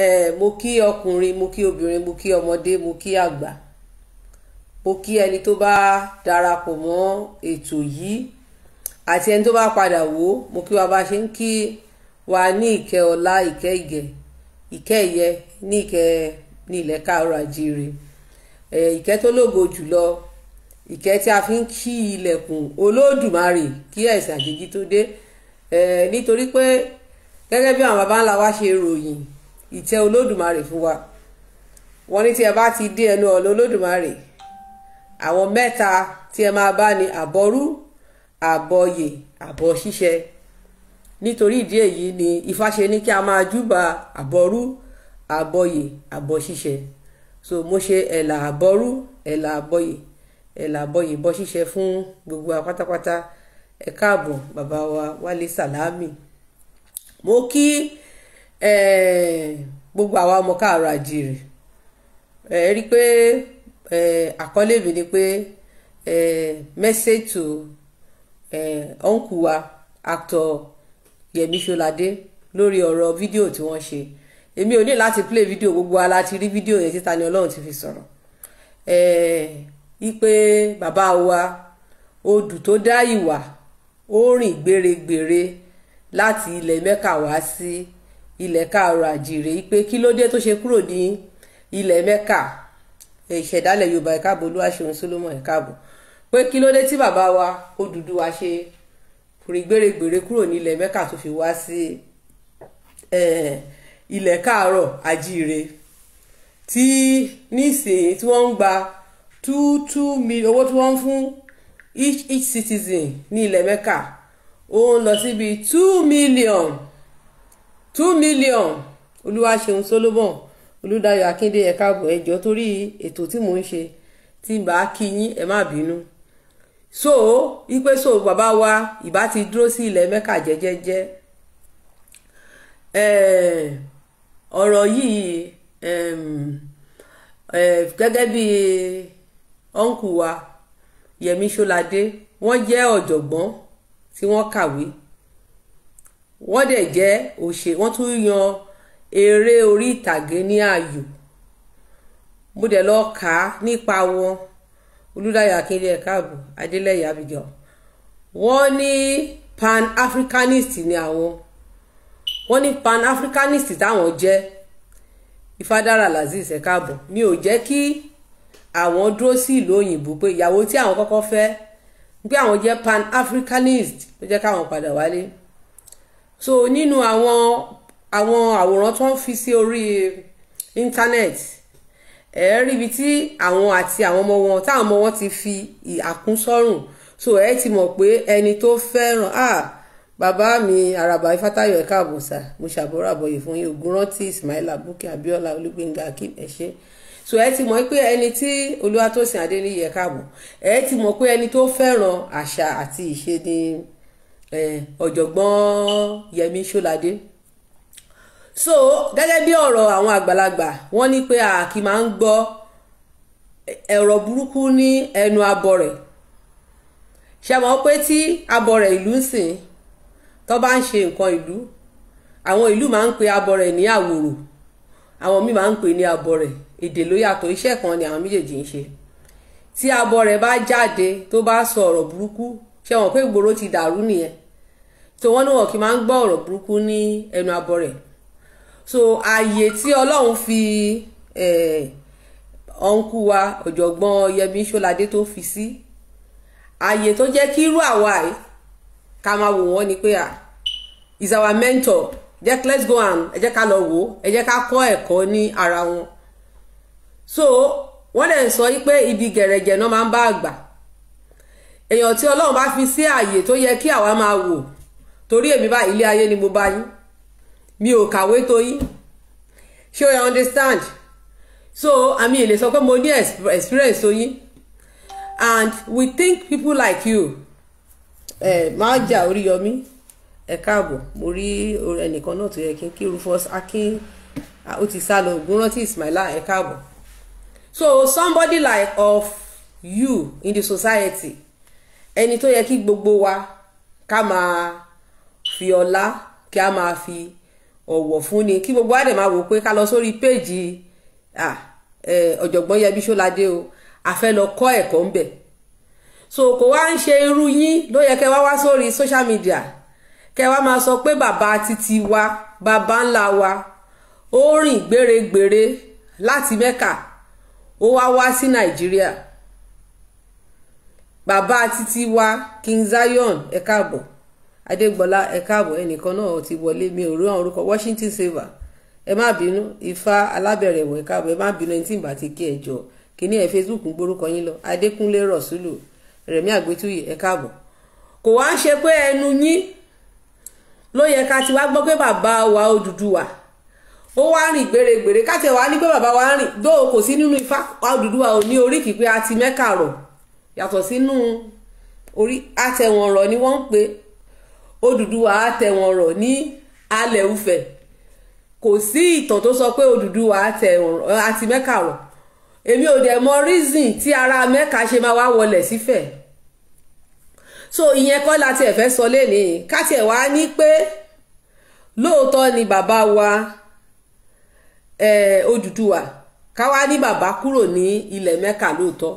eh, mo kí ọkùnrin mo kí obìnrin mo kí ọmọdé mo kí àgbà mo kí ẹni tó bá darapọ̀ mọ́ ètò yìí àti ẹni tó bá padà wò mo kí wa bá ṣe ń kí wa ní ìkẹ́ ọlá ìkẹ́ ìgẹ̀ ìkẹ́ ìyẹ ní ìkẹ́ ní ilẹ̀ káàárọ̀ àjíire ìkẹ́ tó lógo jùlọ ìkẹ́ tí a fi ń kí ilẹ̀kùn olódùmarè kí ẹ̀sìn àjèjì tó dé nítorí pé gẹ́gẹ́ bí àwọn baba ńlá wa ṣe ròyìn ìtẹ́ olódùmarè fún wa wọ́n ní tí ẹ bá ti dé ẹnu ọ̀nà olódùmarè àwọn mẹ́ta tí ẹ máa bá ní àbọ̀rú àbọ̀yè àbọ̀ ṣíṣe nítorí ìdí èyí ni Ifá ṣe ní kí a máa júbà àbọ̀rú àbọ̀yè àbọ̀ ṣíṣe so mo ṣe ẹ̀là àbọ̀rú ẹ̀là àbọ̀yè ẹ̀là àbọ̀yè bọ́ ṣíṣe fún gbogbo wa pátápátá ẹ káàbọ̀ bàbá wa Wálé Sàlámì mo kí. Eh, gbogbo àwa ọmọ káàárọ̀ àjíire ẹ rí i pé àkọlé mi ni pé message to uncle wa actor Yẹmi Ṣọládé lórí ọ̀rọ̀ fídíò tí wọ́n ṣe èmi ò ní láti play fídíò gbogbo wa láti rí fídíò yẹn títa ni Ọlọ́run ti fi sọ̀rọ̀ wípé bàbá wa odù tó dá ìwà ó rìn gbèrègbèrè láti ilẹ̀ Mẹ́kà wá sí. Si ilẹ̀ káàrọ̀ àjèrè pé kí ló dé tó ṣe kúrò ní ilẹ̀ mẹ́kà ìṣẹ̀dálẹ̀ yorùbá ẹ̀ka àbò olúwaṣeun solomon ẹ̀ka àbò pé kí ló dé tí bàbá wa Odùduwà ṣe rìgbèrègbèrè kúrò ní ilẹ̀ mẹ́kà tó fi wá sí ilẹ̀ káàrọ̀ àjèrè tí nísìnyí tí wọ́n ń gba two two million owó tí wọ́n ń fún each each citizen ní ilẹ̀ mẹ́kà ó ń lọ síbi two million two million olúwaṣeun solomon olùdáyọ̀ akíndé ẹ̀ka àbọ̀ ẹ̀jọ́ torí ètò tí mò ń ṣe tí bá kí yín ẹ má bínú so ipe so bàbá wa ìbá ti dúró sí ilẹ̀ mẹ́kà jẹ́jẹ́jẹ́ ọ̀rọ̀ yìí gẹ́gẹ́ bí ọ̀nkù wa yẹmi ṣọládé wọ́n jẹ́ ọ̀jọ̀gbọ́n tí wọ́n kàwé wọ́n dẹ̀ jẹ́ òṣè wọ́n tún yan eré orí ìtàgé ní ààyò mo dẹ̀ lọ kà á nípa wọn olùdáyà akíndé ẹ̀káàbọ̀ adélẹ́yà abigail wọ́n ní pan africanist ni àwọn wọ́n ní pan africanist táwọn jẹ́ ifádàrà lazeez ẹ̀káàbọ̀ mi ò jẹ́ kí àwọn dúró sí ìlú òyìnbó pé ìyàwó tí àwọn kọ́kọ́ fẹ́ pé àwọn jẹ́ pan africanist ló jẹ́ káwọn padà wálé so nínú àwọn àwọn àwòrán tó ń fi sí orí internet ẹ rí ibi tí àwọn àti àwọn ọmọ wọn táwọn ọmọ wọn ti fi àkúnsọ́rùn so ẹ ti mọ̀ pé ẹni tó fẹ́ràn ah bàbá mi àràbà ifátayọ̀ ẹ̀ka àbòsà mo ṣàbọ̀rọ̀ àbọ̀yè fún yín ògúnrántì ismaila bukki abiola olúgbénga akim ẹ̀ṣẹ́ so ẹ ti mọ̀ pé ẹni tí olúwatósìn adéníyẹ káàbọ̀ ẹ ti mọ̀ pé ẹni tó fẹ́ràn àṣà àti ìṣe ni Eh, ọ̀jọ̀gbọ́n Yẹmí Ṣọ́ládé so gẹ́gẹ́ bí ọ̀rọ̀ àwọn àgbàlagbà wọ́n ní pé a kì máa ń gbọ́ ẹ̀rọ burúkú ní ẹnu abọ̀rẹ̀ ṣe mọ̀ pé tí abọ̀rẹ̀ ìlú ń sìn tó bá ń ṣe nǹkan ìlú àwọn ìlú máa ń pe abọ̀rẹ̀ ní àwòrò àwọn míì máa ń pè ní abọ̀rẹ̀ èdè ló yàtọ̀ iṣẹ́ kan ni àwọn méjèèjì ń ṣe tí abọ̀rẹ̀ bá jáde tó bá sọ ọ̀rọ̀ burúkú ṣe mọ̀ pé ìgboro ti dàrú nìyẹn so wọ́n ní wọn kì í máa ń gbọ́ ọ̀rọ̀ burúkú ní ẹnu abọ́ rẹ̀ so ààyè tí ọlọ́run fi ọ̀nkú wa ọ̀jọ̀gbọ́n Yẹmí Ṣọ́ládé tó fi sí ààyè tó jẹ́ kí irú àwa yìí ká máa wò wọ́n ni pé à is our mentor jẹ́ let's go and ẹ jẹ́ ká lọ wò ó ẹ jẹ́ ká kọ́ ẹ̀kọ́ ní ara wọn so wọ́n dẹ̀ sọ pé ibi gẹ̀rẹ̀gẹ̀ náà máa ń bá àgbà èèyàn tí ọlọ́run bá fi sí ààyè tó yẹ kí àwa máa wò torí èmi bá ilé ayé ni mo bá yín mi ò kàwé tó yín ṣé o understand so àmì ìlè sọ pé mo ní experience tó and we think people like you ẹ máa jà orí yọmí ẹ káàbọ̀ mo rí ẹnìkan náà tó yẹ kí n kí Rufus Akin ó ti sá lọ gúnrántí Ismaila ẹ káàbọ̀ so somebody like of you in the society ẹni tó yẹ kí gbogbo wa ká máa fi ọlá kí a máa fi ọ̀wọ̀ fúnni kí gbogbo àdè máa wò pé ká lọ sórí péèjì ọ̀jọ̀gbọ́n Yẹmí Ṣọ́ládé o a fẹ́ lọ kọ́ ẹ̀kọ́ ń so kò wá ń ṣe irú yín ló yẹ kẹ́ wá wá sórí social media kẹ́ wá máa sọ pé bàbá títí wa bàbá ńlá wa ó rìn gbèrègbèrè láti Mẹ́kà ó wá wá sí Nàìjíríà bàbá títí wa King Zion ẹ káàbọ̀ adégbọlá ẹ káàbọ̀ ẹnìkan náà ti wọlé mi ò rí àwọn orúkọ washington silver ẹ má bínú ifá alábẹ̀rẹ̀ ẹ̀wọ̀n ẹ káàbọ̀ ẹ má bínú ẹni tí ìgbà ti kí ẹ jọ kíní ẹ facebook ń gbórúkọ yín lọ adékúnlé rọ̀ṣúlù rẹ̀mí àgbétúyì ẹ káàbọ̀ kò wá ń ṣe pé ẹnu yín ló yẹ ká ti wá gbọ́ pé bàbá wa Odùduwà ó wá rìn gbèrègbèrè ká tiẹ̀ wá ní pé bàbá wa rìn dó kò sí nínú ifá Odùduwà ò ní orí kìí pé a ti mẹ́kà rọ̀ yàtọ̀ sínú orí àtẹ̀wọ̀n rọ̀ ni wọ́n ń pè Odùduwà á tẹ̀ wọ́n rọ̀ ní alẹ́ Ufẹ̀ kò sí ìtàn tó sọ pé Odùduwà á tẹ̀ wọ́n rọ̀ àti Mẹ́kà rọ̀ èmi ò dẹ̀ mọ reason tí ara Mẹ́kà ṣe máa wá wọlé sífẹ̀ so ìyẹn kọ́ la tiẹ̀ fẹ́ sọ lẹ́nìí ká tiẹ̀ wá ní pé lóòótọ́ ni bàbá wa eh, Odùduwà ká wá ní bàbá kúrò ní ilẹ̀ Mẹ́kà lóòótọ́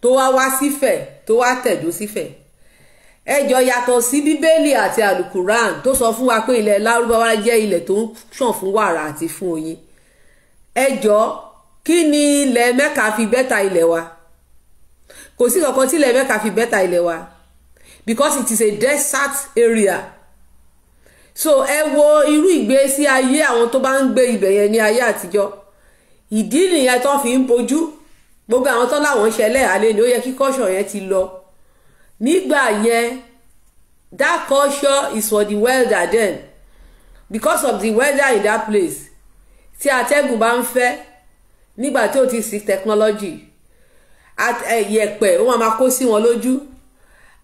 tó wá wá sífẹ̀ tó wá tẹ̀dó sífẹ̀ ẹjọ yàtọ̀ sí bíbélì àti alukuran tó sọ fún wa pé ilẹ̀ lárúbáwá jẹ́ ilẹ̀ tó ń ṣàn fún wàrà àti fún oyin ẹjọ kí ni ilẹ̀ mẹ́ka fi bẹ́ta ilẹ̀ wa kò sí kankan tí ilẹ̀ mẹ́ka fi bẹ́ta ilẹ̀ wa because it is a desert area so ẹ wo irú ìgbésí ayé àwọn tó bá ń gbé ibẹ̀ yẹn ní ayé àtijọ́ ìdí nìyẹn tó fi ń bojú gbogbo àwọn tó láwọn ń ṣẹlẹ̀ alẹ́ ni ó yẹ kí kọ́ṣọ̀ yẹn ti lọ nígbà yẹn that culture is for the welder then because of the weather in that place tí atẹ́gùn bá ń fẹ́ nígbà tí ò ti sí technology eh, yẹ̀pẹ̀ ó máa kó sí wọn lójú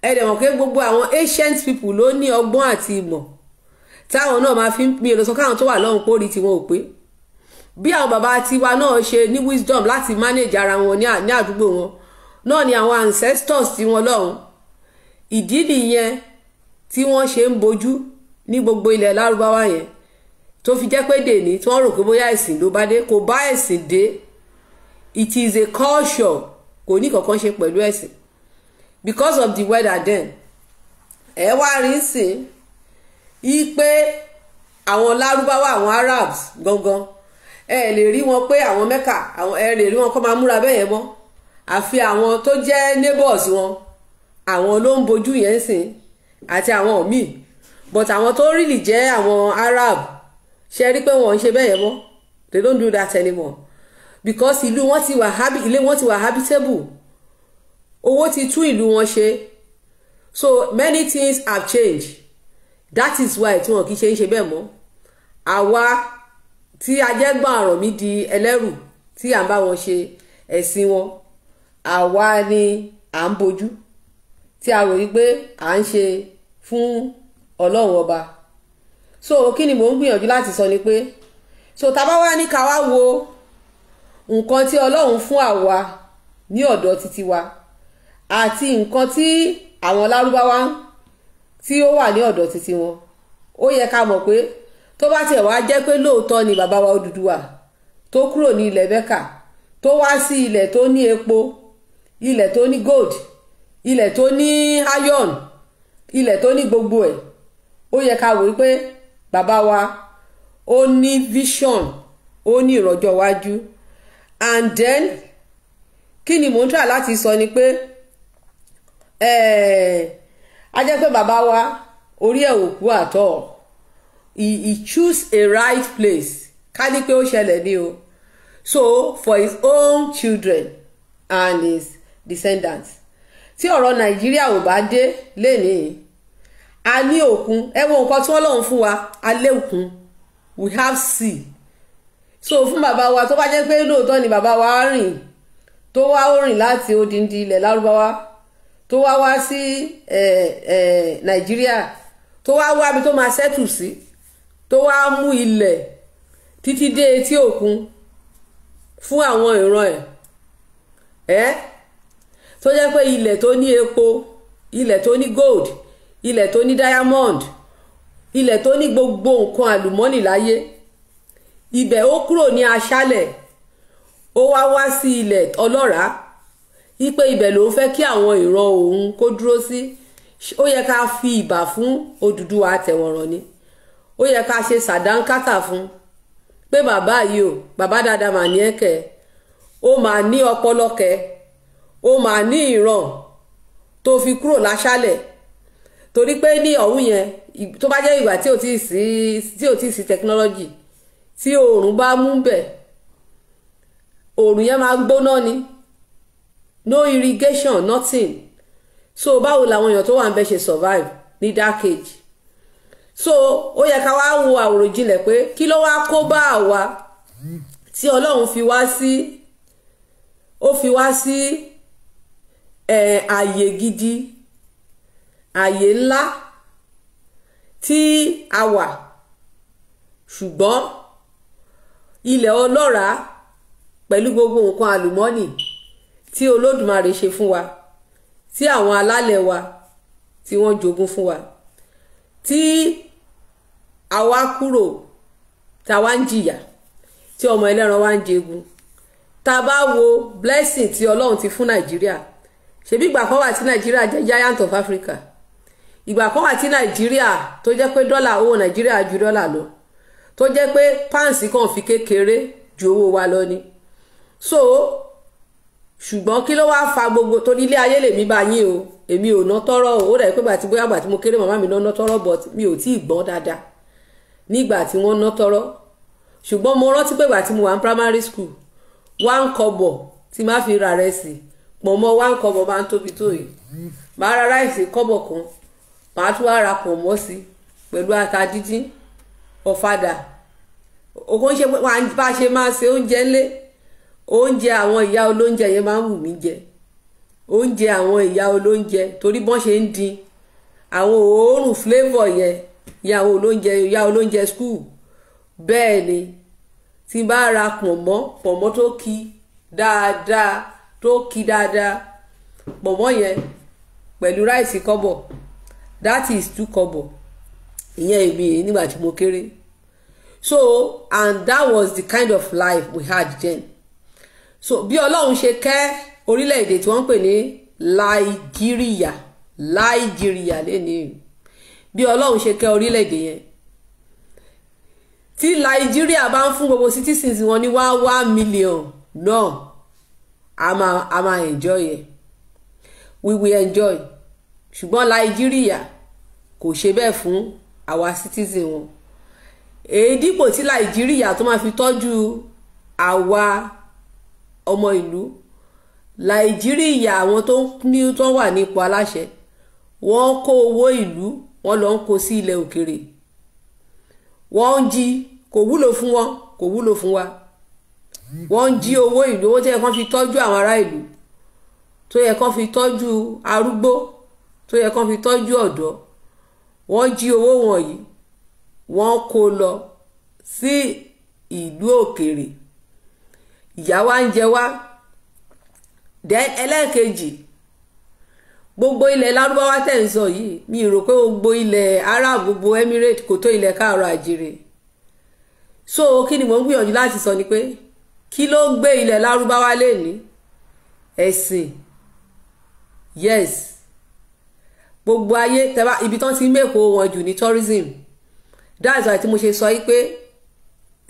ẹ̀dẹ̀ mọ̀ pé gbogbo àwọn ancient people ló ní ọgbọ́n àti ìmọ̀ táwọn náà máa fi ń pín olóṣọ káwọn tó wà lọ́hùn pórí tiwọn ò pé bí àwọn bàbá tiwa náà ṣe ní wisdom láti manage ara wọn ní àdúgbò wọn náà ni àwọn ancestors tiwọn lọ́hùn ìdí nìyẹn tí wọ́n ṣe ń bojú ní gbogbo ilẹ̀ lárúbáwá yẹn tó fi jẹ́ pé dèní tí wọ́n rò pé bóyá ẹ̀sìn ló bá dé kò bá ẹ̀sìn dé it is a culture kò ní kankan ṣe pẹ̀lú ẹ̀sìn because of the weather then ẹ wá rí sìn í pé àwọn lárúbáwá àwọn arabs gangan ẹ lè rí wọn pé àwọn mẹ́kà ẹ lè rí wọn kó máa múra bẹ́ẹ̀ yẹn mọ́ àfi àwọn tó jẹ́ neighbors wọn àwọn ló ń bojú yẹn sìn àti àwọn míì but àwọn tó rìlì jẹ́ àwọn Arab ṣe rí pé wọ́n ń ṣe bẹ́ẹ̀ yẹn mọ́ they don't do that anymore because ìlú wọn ti wà habi ilé wọn ti wà habitable owó ti tún ìlú wọn ṣe so many things have changed that is why tí wọn kì í ṣe ń ṣe bẹ́ẹ̀ mọ́ àwa tí ajẹ́gbọ́n àràn mi di ẹlẹ́rù tí à ń bá wọn ṣe ẹ̀sìn wọn àwa ni à ń bojú tí a rò wípé à ń ṣe fún ọlọ́run ọba so kí ni mò ń gbìyànjú láti sọ ni pé so tá a bá wá ní ká wá wo nǹkan tí ọlọ́run fún àwa ní ọ̀dọ̀ títí wa àti nǹkan tí àwọn lárúbáwá tí ó wà ní ọ̀dọ̀ títí wọn ó yẹ ká mọ̀ pé tó bá tiẹ̀ wá jẹ́ pé lóòótọ́ ni bàbá wa Odùduwà tó kúrò ní ilẹ̀ Mẹ́kà tó wá sí ilẹ̀ tó ní epo ilẹ̀ tó ní gold ilẹ̀ tó ní iron ilẹ̀ tó ní gbogbo ẹ̀ ó yẹ ká wòó pé bàbá wa ó ní vision ó ní ìrọ̀jọ́ iwájú and then kí ni mò ń tà láti sọ ni pé eh, a jẹ́ pé bàbá wa orí ẹ̀ ò kú àtọ̀ he he choose a right place ká ní pé ó ṣẹlẹ̀ ní o so for his own children and his descendants tí ọ̀rọ̀ nàìjíríà ò bá dé lénìí a ní òkun ẹ wo nǹkan tí wọ́n lòun fún wa alẹ́ òkun we have see. so fún bàbá wa tó bá jẹ́ pé lóòótọ́ ni bàbá wa rìn tó wá ó rìn láti odindi ilẹ̀ lárúbáwá tó wá wá sí nàìjíríà tó wá wá bí tó máa ṣẹ́tù sí tó wá mú ilẹ̀ títí dé etí òkun fún àwọn ìran ẹ̀ ẹ́ tó jẹ́ pé ilẹ̀ tó ní epo ilẹ̀ tó ní gold ilẹ̀ tó ní diamond ilẹ̀ tó ní gbogbo nǹkan àlùmọ́nì láyé ibẹ̀ ó kúrò ní aṣálẹ̀ ó wá wá sí ilẹ̀ ọlọ́ràá wípé ibẹ̀ ló ń fẹ́ kí àwọn ìran òun kó dúró sí ó yẹ ká fi ìbà fún Odùduwà àtẹ̀wọ̀nràn ni ó yẹ ká ṣe sàdánkátà fún pé bàbá yìí o bàbá dáadáa mà ní ẹ̀kẹ́ ó mà ní ọpọlọ ó máa ní ìran tó fi kúrò láṣálẹ̀ torí pé ní ọ̀hún yẹn tó bá jẹ́ ìgbà tí ò tí ì sí tí ò tí ì sí technology tí oòrùn bá mú bẹ̀ oòrùn yẹn máa gbóná ni no irrigation nothing so báwo làwọn èèyàn tó wà ń bẹ ṣe survive ní dark age so ó yẹ ká wá wo àwòrán-jinlẹ̀ pé kí ló wá kó bá àwa tí Ọlọ́run fi wá sí ó fi wá sí ààyè gidi ààyè ńlá tí a wà ṣùgbọ́n ilẹ̀ ọlọ́ràá pẹ̀lú gbogbo nǹkan àlùmọ́nì tí olódùmarè ṣe fún wa tí àwọn alálẹ̀ wa tí wọ́n jogún fún wa tí àwa kúrò tá wá ń jìyà tí ọmọ ẹlẹ́ran wa ń jẹgun tá a bá wo blessing Ti ọlọ́run ti fún nàìjíríà ṣebí ìgbà kan wà tí nàìjíríà jẹ́ giant of africa ìgbà kan wà tí nàìjíríà tó jẹ́ pé dọ́là owó nàìjíríà ju dọ́là lọ tó jẹ́ pé páǹsì kan fi kékeré ju owó wa lọ ni so ṣùgbọ́n kí ló wá fa gbogbo torí ilé ayé lèmi bá yín o èmi ò ná tọrọ o ó dàbí pé bàtí bóyá bàtí mo kéré màmá mi ná ná tọrọ but mi ò tí ì gbọ́n dáadáa nígbà tí wọ́n ná tọrọ ṣùgbọ́n mo rántí pé bàtí mo wà ní primary school one kọ́bọ̀ tí má fi ra rẹ̀ sí i pọ̀nmọ́ wá ń kọ́bọ̀ bá ń tóbi tó yìí màá ra ráìsì kọ́bọ̀ kan màá tún wá ra pọ̀nmọ́ sí pẹ̀lú ata dídín ọ̀fadà òkò ń ṣe pé wàá bá ṣe máa ṣe oúnjẹ ńlé oúnjẹ àwọn ìyá olóúnjẹ yẹn máa ń wù mí jẹ oúnjẹ àwọn ìyá olóúnjẹ torí bọ́n ṣe ń dín àwọn òórùn flavour yẹn ìyá àwọn olóúnjẹ ìyá olóúnjẹ school bẹ́ẹ̀ ni tí bá ra pọ̀nmọ́ pọ̀nmọ́ tó kí dáadáa tó kí dáadáa pọ̀mọ́ yẹn pẹ̀lú ráìsì kọ́bọ̀ that is two kọ́bọ̀ ìyẹn èmi nígbà tí mo kéré so and that was the kind of life we had then so bí ọlọ́run ṣe kẹ́ orílẹ̀-èdè tí wọ́n ń pè ní Nàìjíríà Nàìjíríà lẹ́nìí bí ọlọ́run ṣe kẹ́ orílẹ̀-èdè yẹn tí Nàìjíríà bá ń fún gbogbo citizens wọn ní one one million náà. No a máa a máa enjoy ẹ̀ we will enjoy ṣùgbọ́n nàìjíríà kò ṣe bẹ́ẹ̀ fún àwa citizen wọn èyí dípò tí nàìjíríà tó máa fi tọ́jú àwa ọmọ ìlú nàìjíríà àwọn tó ní tó wà nípò aláṣẹ wọ́n kó owó ìlú wọ́n lọ ń kó sí ilẹ̀ òkèrè wọ́n ń jí kò wúlò fún wọn kò wúlò fún wa wọ́n ń jí owó ìlú owó tó yẹ kán fi tọ́jú àwọn ará ìlú tó yẹ kán fi tọ́jú arúgbó tó yẹ kán fi tọ́jú ọ̀dọ́ wọ́n jí owó wọ̀nyí wọ́n kó lọ sí ìlú òkèrè ìyà wa ń jẹ wá then ẹlẹ́ẹ̀kejì gbogbo ilẹ̀ lárúbáwá tẹ̀ ń sọ yìí mi rò pé gbogbo ilẹ̀ arab gbogbo emirate kò tó ilẹ̀ káàrọ̀ àjèrè so kí ni mò ń gbìyànjú láti sọ ni pé kí ló ń gbé ilẹ̀ lárúbáwá lẹ́ni ẹ̀sìn yes gbogbo ayé tẹ́wá ibi tán ti ń wọn jù ní tourism that's why tí mo ṣe sọ yí pé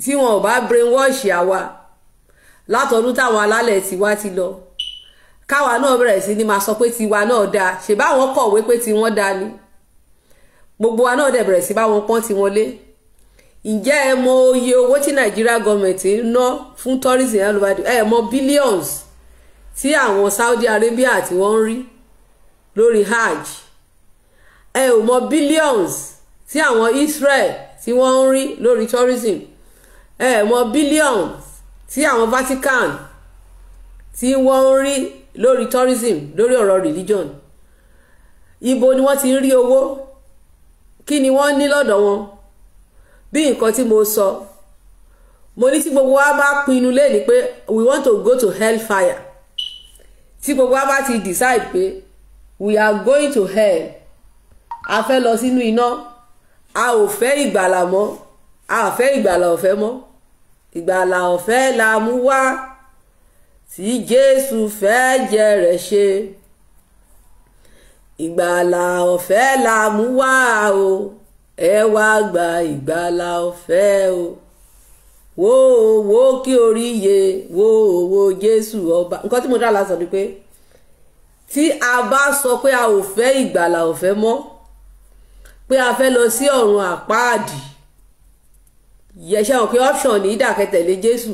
tí wọn ò bá brainwash àwa látọdún táwọn alálẹ̀ tiwa ti lọ káwa náà bẹ̀rẹ̀ sí ni máa sọ pé tiwa náà dáa ṣèbáwọn kọ̀wé pé tiwọn dáa ni gbogbo wa náà dẹ̀ bẹ̀rẹ̀ sí báwọn pọ́n tiwọn lé ǹjẹ́ ẹ mọ oye owó tí nàìjíríà gọọmenti ń ná fún tourism all over the ẹ mọ billions tí àwọn saudi arabia tí wọ́n ń rí lórí hajj ẹ ò mọ billions tí àwọn israel tí wọ́n ń rí lórí tourism ẹ mọ billions tí àwọn vatican tí wọ́n ń rí lórí tourism lórí ọ̀rọ̀ religion ibo ni wọ́n ti ń rí owó kí ni wọ́n ní lọ́dọ̀ wọn bí nǹkan tí mo sọ mo ní tí gbogbo wa bá pinnu lẹ́ni pé we want to go to hell fire tí gbogbo wa bá ti decide pé we are going to hell a fẹ́ lọ sínú iná a ò fẹ́ ìgbàlà mọ́ a ò fẹ́ ìgbàlà ọ̀fẹ́ mọ́ ìgbàlà ọ̀fẹ́ la mú wá tí Jésù fẹ́ jẹ rẹ̀ ṣe ìgbàlà ọ̀fẹ́ la mú wá o ẹ wáá gba ìgbàlà ọ̀fẹ́ o wo wo kí orí yẹ wo wo jésù ọba nǹkan tí mo dá lásán ni pé tí a bá sọ pé a ò fẹ́ ìgbàlà ọ̀fẹ́ mọ́ pé a fẹ́ lọ sí ọ̀run àpáàdì yẹ̀ṣẹ̀ òkè option ní ìdàkẹ́tẹ̀lé jésù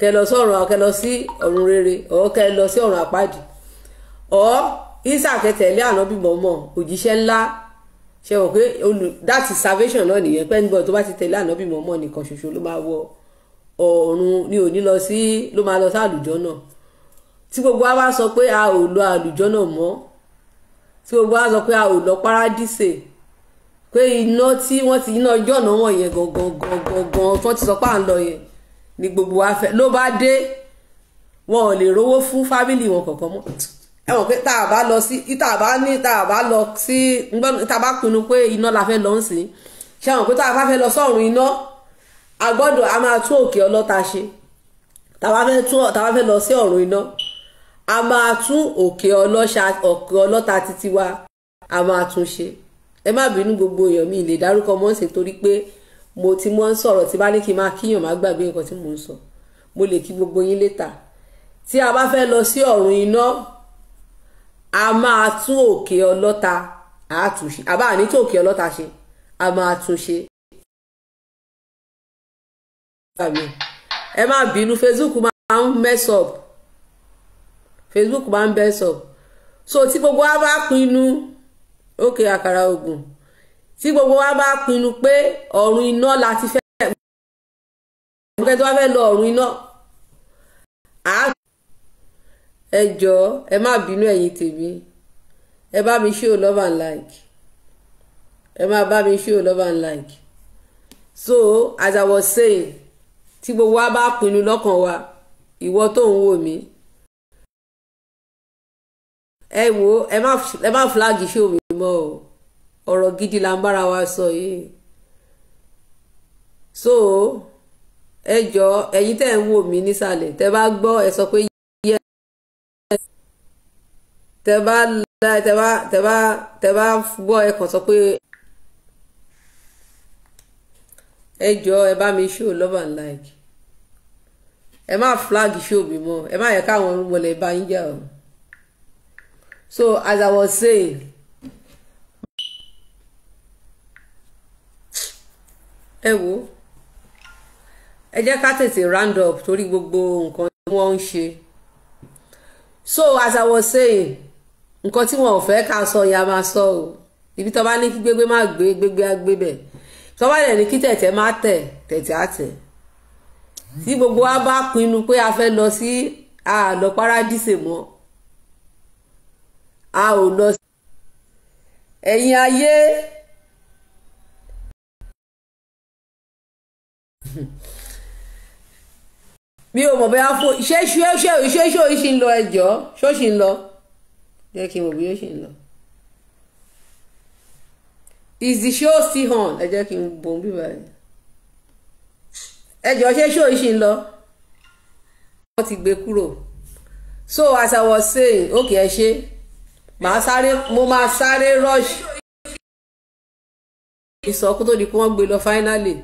kẹ lọ sọ̀run ọ kẹ lọ sí ọ̀run rere ọ kẹ lọ sí ọ̀run àpáàdì ọ ìsàkẹ́tẹ̀lé ànábìmọ̀mọ̀ òjíṣẹ́ ńlá ṣe wọ pé olù that is salvation náà nìyẹn pé nígbà tó bá ti tẹ̀lé ànábì mọ́mọ́ nìkan ṣoṣo ló máa wọ ọ̀run ni ò ní lọ sí ló máa lọ sí àlùjọ náà tí gbogbo wa bá sọ pé a ò lọ àlùjọ náà mọ́ tí gbogbo wa sọ pé a ò lọ paradíṣe pé iná tí wọ́n ti iná ọjọ́ náà wọ̀n yẹn gangan gangan tí wọ́n ti sọ pé à ń lọ yẹn ni gbogbo wa fẹ́ ló bá dé wọn ò lè rówó fún fámìlì wọn kankan mọ́ ẹ mọ̀ pé tá a bá lọ sí tá a bá ní tá a bá lọ sí tá a bá pinnu pé iná la fẹ́ lọ ń sìn mọ̀ pé tá a bá fẹ́ lọ sọ́run iná a gbọ́dọ̀ a máa tún òkè ọlọ́ta ṣe tá a bá fẹ́ tún tá a bá fẹ́ lọ sí ọ̀run iná a máa tún òkè ọlọ́ṣà òkè ọlọ́ta títí wa a máa tún ṣe ẹ má bínú gbogbo èèyàn mi lè dárúkọ mọ́ọ̀sì torí pé mo ti mọ́ ń sọ̀rọ̀ tí bá ní kí n máa kíyàn má gbàgbé nǹkan tí mò ń sọ mo lè kí gbogbo yín létà tí a bá fẹ́ lọ sí ọ̀run iná a máa tún òkè ọlọ́ta àtúnṣe àbá àní tún òkè ọlọ́ta ṣe a máa tún ṣe. ẹ má bínú Facebook máa ń mess up Facebook máa ń mess up so tí gbogbo wa bá pinnu ókè àkàrà ògùn tí gbogbo wa bá pinnu pé ọ̀run iná la ti fẹ́ mú kẹ́tọ́ wá fẹ́ lọ ọ̀run iná àá ẹ jọ̀ọ́ ẹ má bínú ẹ̀yin tèmi ẹ bá mi show love and like ẹ má bá mi show love and like so as i was saying tí gbogbo wa bá pinnu lọ́kàn wa ìwọ tó ń wò mí ẹ wo ẹ má flag show mi mọ́ o ọ̀rọ̀ gidi la ń bára wa sọ yìí so ẹ jọ̀ọ́ ẹ̀yin tẹ́ ń wò mí nísàlẹ̀ tẹ́ bá gbọ́ ẹ sọ pé tẹ bá láì tẹ bá tẹ bá tẹ bá gbọ́ ẹ kàn sọ pé ẹ jọ ẹ bá mi show love and like ẹ má flag show mi mọ́ ẹ má yẹ káwọn wọlé bá yín jà o so as i was saying. ẹ wo ẹ jẹ́ ká tètè round up torí gbogbo nǹkan tí wọ́n ń ṣe so as i was saying nǹkan tí wọn ò fẹ́ ká sọ ya máa sọ o ibi tó bá ní kí gbégbé má gbé gbégbé á gbé bẹ̀ tó bá dẹ̀ ní kí tẹ̀tẹ̀ má tẹ̀ tẹ̀tẹ̀ á tẹ̀ tí gbogbo wa bá pinnu pé a fẹ́ lọ sí àlọ́ paradíṣe mọ́ a ò lọ sí ẹ̀yìn ayé mi ò mọ̀ bẹ́ẹ̀ á fò ṣé ṣé ṣé ṣé ṣé ó ṣì ń lọ ẹjọ́ ṣó ṣì ń lọ jẹ́ kí n mọ̀ bí ó ṣe ń lọ. is the show still on ẹ jẹ́ kí n bò ń bí báyìí. ẹ jọ ṣé show yìí ṣì ń lọ. wọ́n ti gbé kúrò so as I was saying okay ẹ ṣe màá sáré mo máa sáré rush. ìsọkú tó di pé wọ́n gbé lọ finally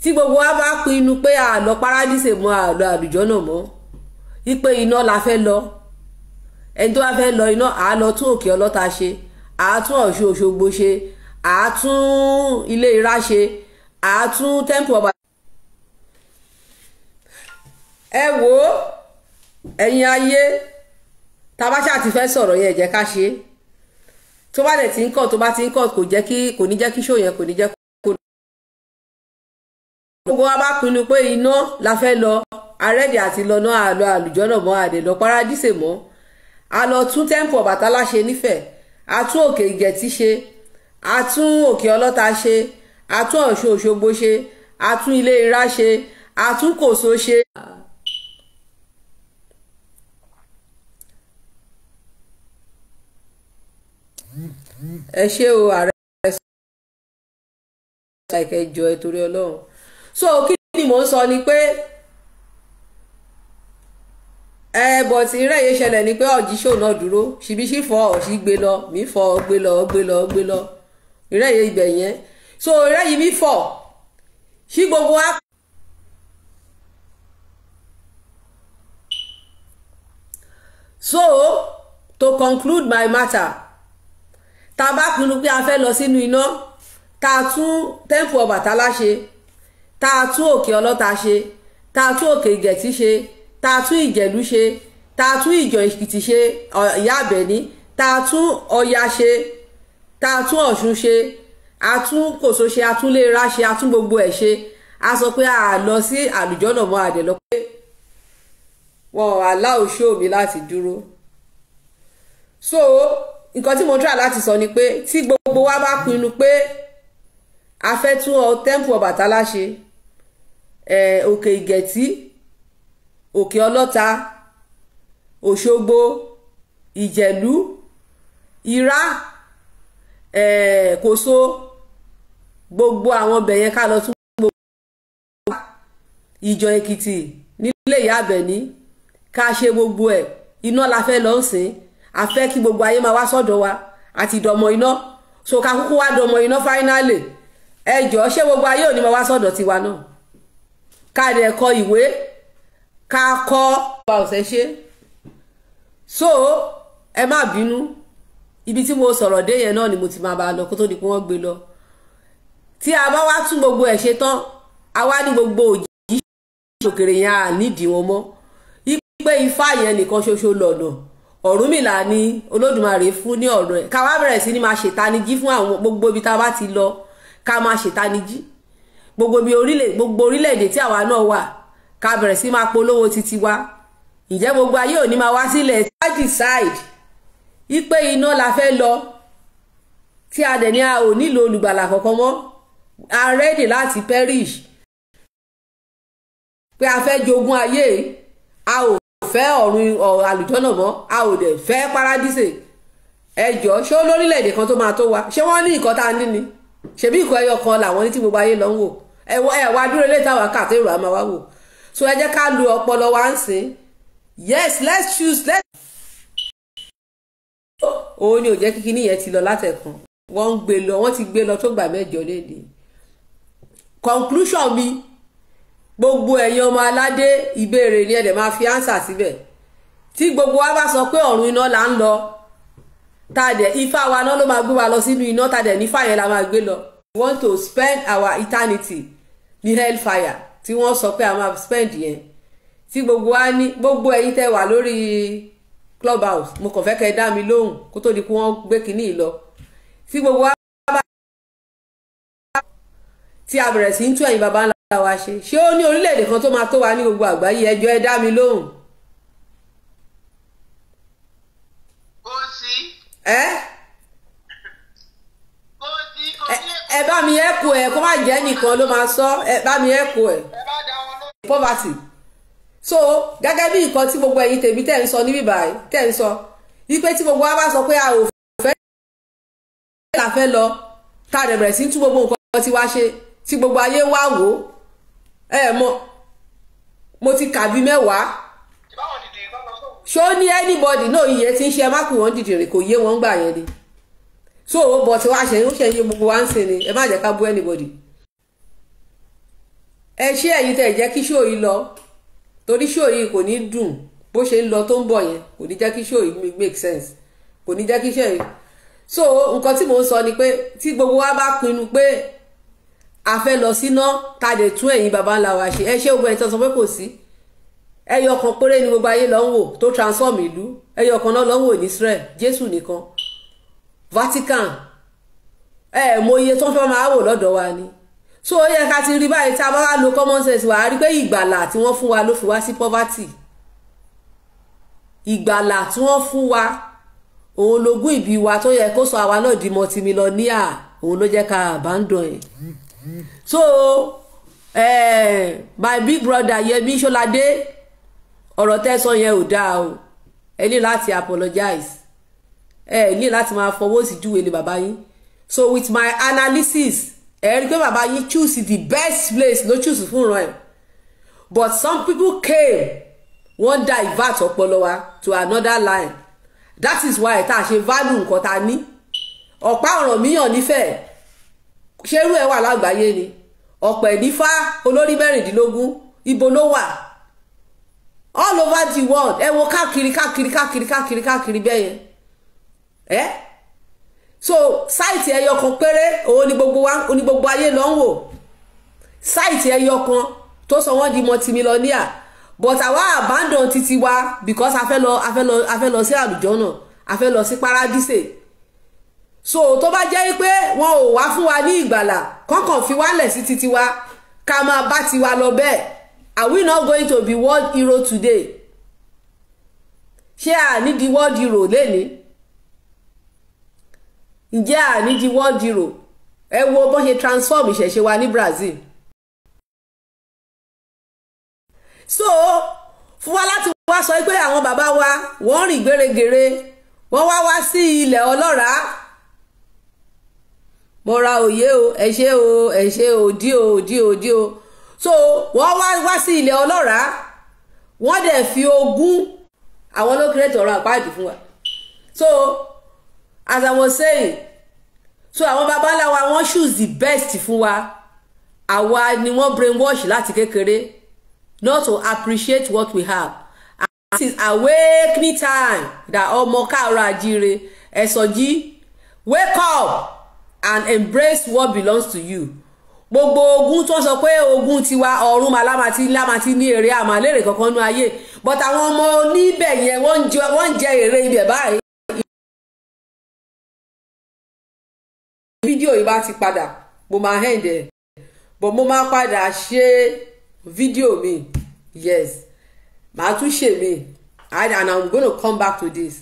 tí gbogbo wa bá pinnu pé àlọ́ paradise mọ́ àlọ́ àlùjọ́ náà mọ́ wípé iná la fẹ́ lọ ẹni tó bá fẹ́ lọ iná àá lọ tún òkè ọlọ́ta ṣe àá tún ọ̀ṣun òṣogbo ṣe àá tún ilé ìra ṣe àá tún tẹ́ǹpù ọba. ẹ wo ẹ̀yin ayé tabasa ti fẹ́ sọ̀rọ̀ yẹn jẹ́ ká ṣe tó bá dẹ̀ ti ń kọ̀ tó bá ti ń kọ̀ kò jẹ́ kí kò ní jẹ́ kí ṣó yẹn kò ní jẹ́ kó. gbogbo wa bá pinnu pé iná la fẹ́ lọ arẹ́dẹ̀ àti lọ́nà àlọ́ àlùjọ́ mọ́ àdè lọ paradíṣe mọ́ a lọ tún tẹ́ǹpù Ọbàtálá ṣe nífẹ̀ẹ́ a tún òkè ìjẹ̀tì ṣe a tún òkè ọlọ́ta ṣe a tún ọ̀ṣun òṣogbo ṣe a tún ilé ira ṣe a tún kòso ṣe. ẹ ṣé o ààrẹ sọ̀rọ̀ ẹ̀ka ìjọ ẹ̀ torí ọlọ́run so kí ni mò ń sọ ni pé ẹ bọ̀ tí rẹ̀yẹ ṣẹlẹ̀ ni pé ọ̀jíṣò náà dúró ṣìbí ṣì fọ ọ̀ṣì gbé lọ mí fọ gbé lọ gbé lọ gbé lọ ìrẹ̀yẹ ibẹ̀ yẹn so ìrẹ̀yẹ mi fọ ṣí gbogbo wa. so to conclude my matter tá a bá pinnu pé a fẹ́ lọ sínú iná tá a tún tẹ́ǹpù Ọbàtálá ṣe tá tún òkè ọlọ́ta ṣe tá tún òkè ìgẹ̀tì ṣe tá a tún ìjẹ̀lú ṣe tá a tún ìjọ èkìtì ṣe ìyá àbẹ̀ní tá a tún ọya ṣe tá a tún ọ̀ṣun ṣe a tún kòso ṣe a léra ṣe a gbogbo ẹ̀ ṣe a sọ pé a lọ sí àlùjọ́nà mọ́ àdè pé wọn aláwo ṣó mi láti dúró so nǹkan tí mo try láti sọ ni pé tí gbogbo wa bá pinnu pé a fẹ́ tún ọ tẹ́ǹpù Ọbàtálá ṣe òkè ìgẹ̀tì òkè ọlọ́ta òṣogbo ìjẹ̀lú ìrá eh, kòso gbogbo àwọn ibẹ̀ yẹn ká lọ tún gbogbo wa ìjọ èkìtì nílé ìyá àbẹ̀ní ká ṣe gbogbo ẹ̀ iná la fẹ́ lọ sìn a fẹ́ kí gbogbo ayé máa wá sọ́dọ̀ wa àti ìdọ̀mọ iná so ká kúkú wá dọ̀mọ iná fáínálì ẹ jọ̀ọ́ ṣé gbogbo ayé ò ní máa wá sọ́dọ̀ tiwa náà ká lè kọ ìwé ká kọ́ wa ọ̀sẹ̀ ṣe so ẹ má bínú ibi tí mo sọ̀rọ̀ dé yẹn náà ni mo ti máa bá a lọ kó tó di pé wọ́n gbé lọ tí a bá wá tún gbogbo ẹ̀ ṣe tán a wá ní gbogbo òjì òkèrè yẹn à nídìí wọn mọ́ pé ifá yẹn nìkan ṣoṣo lọ́nà ọ̀rúnmìlà ni olódùmarè fún ní ọ̀rọ̀ ẹ̀ ká wá bẹ̀rẹ̀ sí ni máa ṣètanijí fún àwọn gbogbo ibi tá a bá ti lọ ká máa ṣètanijí gbogbo ibi orílẹ̀ gbogbo orílẹ̀-èdè tí àwa náà wà ká bẹ̀rẹ̀ sí máa polówó títí wa ǹjẹ́ gbogbo ayé ò ní máa wá sílẹ̀ tá a decide ipe iná la fẹ́ lọ tí a dẹ̀ ní a ò nílò olùgbàlà kankan mọ́ a rẹ́dì láti perish pé a fẹ́ jogún ayé a ò fẹ́ ọ̀run àlùjọ́nà mọ́ a ò dẹ̀ fẹ́ paradíṣe ẹjọ́ ṣé ó lórílẹ̀‐èdè kan tó máa tó wa ṣé wọ́n ní nǹkan tá a ní ni ṣèbí ìkọ́ ẹyọ kan làwọn ní tí gbogbo ayé lọ ń wò ẹ̀wá dúró lé táwa kà tó àmàwá wò so ẹ jẹ́ ká lu ọpọlọ wa ń sìn yes let's choose let's. òun oh, ni ò jẹ́ kíkiní yẹn ti lọ látẹ̀kùn wọ́n ń gbé lọ wọ́n ti gbé lọ tó gbà mẹ́jọ léde conclusion mi gbogbo ẹ̀yin ọmọ aládé ìbéèrè ni ẹ̀dẹ̀ máa fi ánsà síbẹ̀ tí gbogbo wa bá sọ pé ọ̀run iná là ń lọ tàdẹ̀ ifá wa náà ló máa gbé wa lọ sínú iná tàdẹ̀ nífà yẹn la máa gbé lọ we want to spend our eternity ní hellfire tí wọ́n sọ pé a máa spend yẹn tí gbogbo wa ní gbogbo ẹ̀yin tẹ́ wà lórí clubhouse mo kàn fẹ́ kẹ́ dá mi lóhùn kó tó di pé wọ́n gbé kinní yìí lọ tí gbogbo wa bá tí a bẹ̀rẹ̀ sí ń tú ẹ̀yin baba ńlá wa ṣe ṣé ó ní orílẹ̀-èdè kan tó máa tó wa ní gbogbo àgbáyé ẹjọ́ ẹ dá mi lóhùn. ó sí. ẹ́. Eh? ẹ bá mi ẹ̀kọ́ ẹ̀ kó má jẹ́ nìkan ló máa sọ ẹ bá mi ẹ̀kọ́ ẹ̀ poverty so gẹ́gẹ́ bí nǹkan tí gbogbo ẹ̀yin tèmi tẹ̀ ń sọ níbí báyìí tẹ̀ ń sọ wípé tí gbogbo wa bá sọ pé a ò fẹ́ la fẹ́ lọ ta dẹ̀ bẹ̀rẹ̀ sí tún gbogbo nǹkan tí wá ṣe tí gbogbo ayé wá wò ó ẹ mọ̀ mo ti kà bí mẹ́wàá ṣó ní anybody náà iye tí ń ṣe ẹ má pè wọ́n dìdìrì kò yé wọn gbà yẹn ni so but tí wàá ṣẹ̀yìn ó ṣẹ̀yìn gbogbo wa ń sìn ni ẹ má jẹ́ ká bú anybody ẹ ṣé ẹ̀yin tẹ̀ jẹ́ kí ṣó yìí lọ torí ṣó yìí kò ní dùn bó ṣe ń lọ tó ń bọ̀ yẹn kò ní jẹ́ kí ṣó make sense kò ní jẹ́ kí ṣó so nǹkan tí mò ń sọ ni pé tí gbogbo wa bá pinnu pé a fẹ́ lọ síná ta dẹ̀ tún ẹ̀yin baba ńlá wa ṣe ẹ ṣé gbogbo ẹ̀ tó sọ pé kò sí ẹyọ kan péré ni gbogbo ayé lọ ń wò tó transform ìlú ẹyọ kan náà lọ ń wò ní Israel Jésù nìkan Vatican ẹ eh, mọ iye tó ń fẹ́ máa wò lọ́dọ̀ wa ni so ó yẹ ká ti rí báyìí tá a bá wá lo common sense wa a rí pé ìgbàlà tí wọ́n fún wa ló fi wá sí poverty ìgbàlà tí wọ́n fún wa òun logún ìbí wa tó yẹ kó sọ àwa náà di multimillionaire òun ló jẹ́ ká abandon ẹ̀ so eh, my big brother Yẹmi Ṣọládé ọ̀rọ̀ tẹ́ sọ yẹn ò dáa o ẹ ní láti apologize ẹ ní láti máa fọwọ́ sí júwe lé bàbá yín so with my analysis ẹ rí i pé bàbá yín choose the best place ló choose fún ìran ẹ̀ but some people came wọ́n divert ọpọlọ wa to another line that is why tá a ṣe value nǹkan tá a ní ọ̀pá ọ̀ràn míyàn nífẹ̀ẹ́ ṣerú ẹ̀ wà lágbàáyé ni ọ̀pẹ̀ nífà olórí mẹ́rìndínlógún ibo ló wà all over the world ẹ wo káàkiri káàkiri káàkiri káàkiri káàkiri bẹ́ẹ̀ yẹn ẹ́ eh? so sáìtì ẹyọ kan péré òun ni gbogbo wa ni gbogbo ayé lọ ń wò sáìtì ẹyọ kan tó sọ wọ́n di multimillionaire but àwa abandon titi wa because a fẹ́ lọ a fẹ́ lọ a fẹ́ lọ sí àlùjọ náà a fẹ́ lọ sí paradise so tó bá jẹ́ pé wọn ò wá fún wa ní ìgbàlà kọ́kàn fi wálẹ̀ sí titi wa ká máa bá tiwa lọ bẹ́ẹ̀ are we not going to be world hero today ṣé à ní di world hero lẹ́ni ǹjẹ́ àní di world euro ẹ wo bó ṣe transform ìṣẹ̀ṣe wa ní Brazil. so fún wa láti wá sọ pé àwọn bàbá wa wọ́n rìn gèrègèrè wọ́n wá wá sí ilẹ̀ ọlọ́ràá mo ra òye o ẹ ṣe o ẹ ṣe o dí o dí o dí o so wọ́n wá wá sí ilẹ̀ ọlọ́ràá wọ́n dẹ̀ fi ogún àwọn ló kéré tọrọ àpáàdì fún wa so as i was saying so àwọn babaláwa wọ́n choose the best fún wa àwa ni wọ́n brainwash láti kékeré not to appreciate what we have and it is awakening time that ọmọ káàárọ̀ àjíire ẹ̀sọ́jí wake up and embrace what belongs to you gbogbo ogun tó sọ pé ogun tiwa ọ̀run màlámàtí lámàtí ní èrè àmàlérè kankan nú ayé but àwọn ọmọ oníbẹ̀ yẹn wọ́n ń jẹ èrè ibẹ̀ báyìí. fídíò yìí bá ti padà mo máa end ẹ̀ but mo máa padà ṣe fídíò mi yes màá tún ṣe mi and i'm gonna come back to this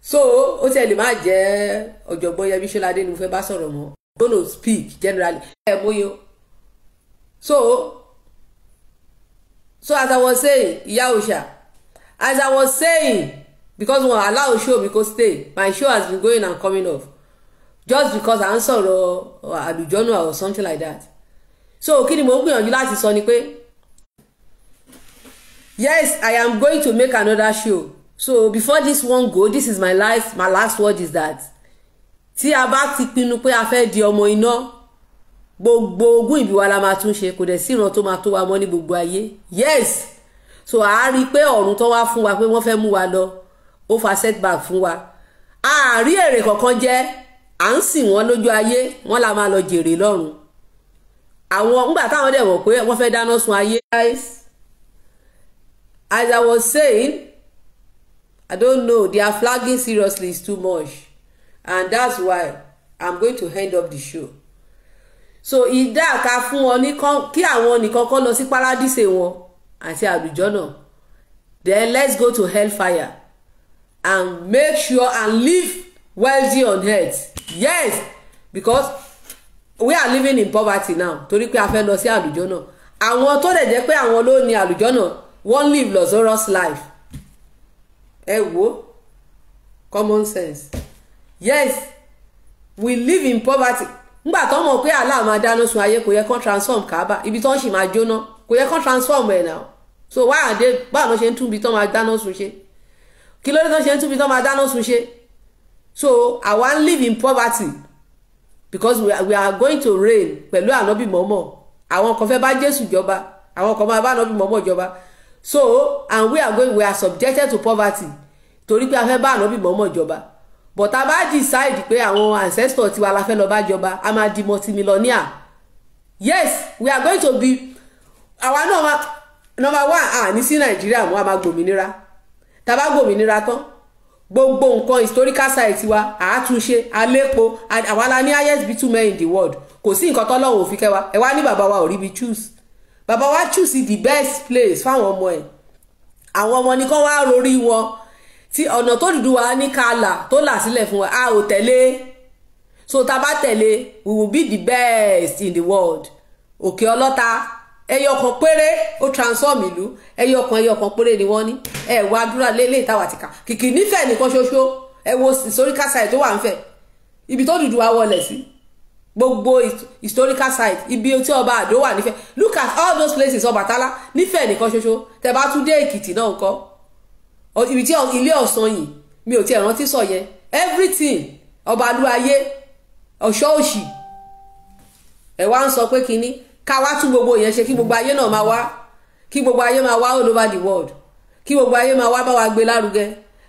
so ó tiẹ̀ lè má jẹ́ ọ̀jọ̀gbọ́n Yẹmí Ṣọ́ládé ni mo fẹ́ bá sọ̀rọ̀ mọ́ gonna speak generally ẹ̀ mọ́yọ́ so so as i was saying ìyá òòṣà as i was saying because wọn allow show mi kó stay my show has been going and coming off just because à ń sọ̀rọ̀ àlùjọ́nù or something like that so kí ni mo ń gbìyànjú láti sọ ni pé yes i am going to make another show so before this one go this is my life my last word is that tí a bá ti pinnu pé a fẹ́ di ọmọ iná gbogbo ogún ìbí wa la máa tún ṣe kò dẹ̀ sí ìran tó máa tó wa mọ́ ní gbogbo ayé yes so a rí i pé ọ̀run tó wá fún wa pé wọ́n fẹ́ mú wa lọ ó fa setback fún wa a rí èrè kankan jẹ́ à ń sìn wọ́n lójú ayé wọ́n la máa lọ jèrè lọ́run àwọn ńgbà táwọn dẹ̀ mọ̀ pé wọ́n fẹ́ dáná sun ayé. as i was saying i don't know They are flagging seriously is too much and that's why i'm going to end up the show so ìdá ká fún wọn nìkan kí àwọn nìkan kọ́ lọ sí paradíṣe wọn àti àlùjọ náà then let's go to hellfire and make sure and leave wealthy on earth yes because we are living in poverty now torí pé a fẹ́ lọ sí àlùjọ náà àwọn tó dẹ̀ jẹ́ pé àwọn ló ní àlùjọ náà wọ́n live luxurious life ẹ wo common sense yes we live in poverty ngbà tó mọ̀ pé Allah máa dáná sun ayé kò yẹ kán transform Kaaba ibi tó ń sì máa jóná kò yẹ kán transform ẹ̀ náà so why are they báwo ló ṣe ń tún ibi tó máa dáná sun ṣe kí ló dé tó ṣe ń tún ibi tó máa dáná sun ṣe so i wan live in poverty because we are, we are going to reign pẹ̀lú ànábì mọ́mọ́ àwọn kan fẹ́ bá jésù jọba àwọn kan máa bá ànábì mọ́mọ́ joba. so and we are going we are subjected to poverty torí pé a fẹ́ bá ànábì mọ́mọ́ jọba but a bá decide pé àwọn ancestor tiwa la fẹ́ lọ bá jọba a di multimillionaire yes we are going to be àwa náà number one à ní sí nàìjíríà mọ́ a máa gbòmìnira tá a bá gbòmìnira tán gbogbo nǹkan historical site wa àátúnṣe alépo àwa la ní highest bitumen in the world kò sí nǹkan tọ́lọ́wọ́ òfin kẹwa ẹ wá ní bàbá wa ò rí bi choose Baba wa choose the best place fáwọn ọmọ ẹ̀ àwọn ọmọ ni kán wá rorí wọn tí ọ̀nà tó dúdú wa ní ká là tó là sílẹ̀ fún wa a ò tẹ̀lé so tá a bá tẹ̀lé we will be the best in the world òkè ọlọ́ta ẹyọkan péré ó transform ìlú ẹyọkan ẹyọkan péré ni wọ́n ní ẹ wá àdúrà lélẹ̀ ìtawà tìka kìkì nífẹ̀ẹ́ nìkan ṣoṣo ẹ wo historical site tó wà ń fẹ̀ ibi tó dùdú wa wọlé sí gbogbo historical site ibi tí ọba àdó wà nífẹ̀ẹ́ look at all those places Ọbàtálá nífẹ̀ẹ́ nìkan ṣoṣo tẹ bá tún dé èkìtì náà ńkọ́ ibi tí ilé ọ̀sán yìí mi ò tiẹ̀ rántí sọ yẹn everything ọba alúayé ọ̀ṣọ́ òṣì ẹ̀ wá ń sọ pé kinní ká wá tún gbogbo yẹn ṣe kí gbogbo ayé náà máa wá kí gbogbo ayé máa wá all over the world kí gbogbo ayé máa wá bá wa gbé lárugẹ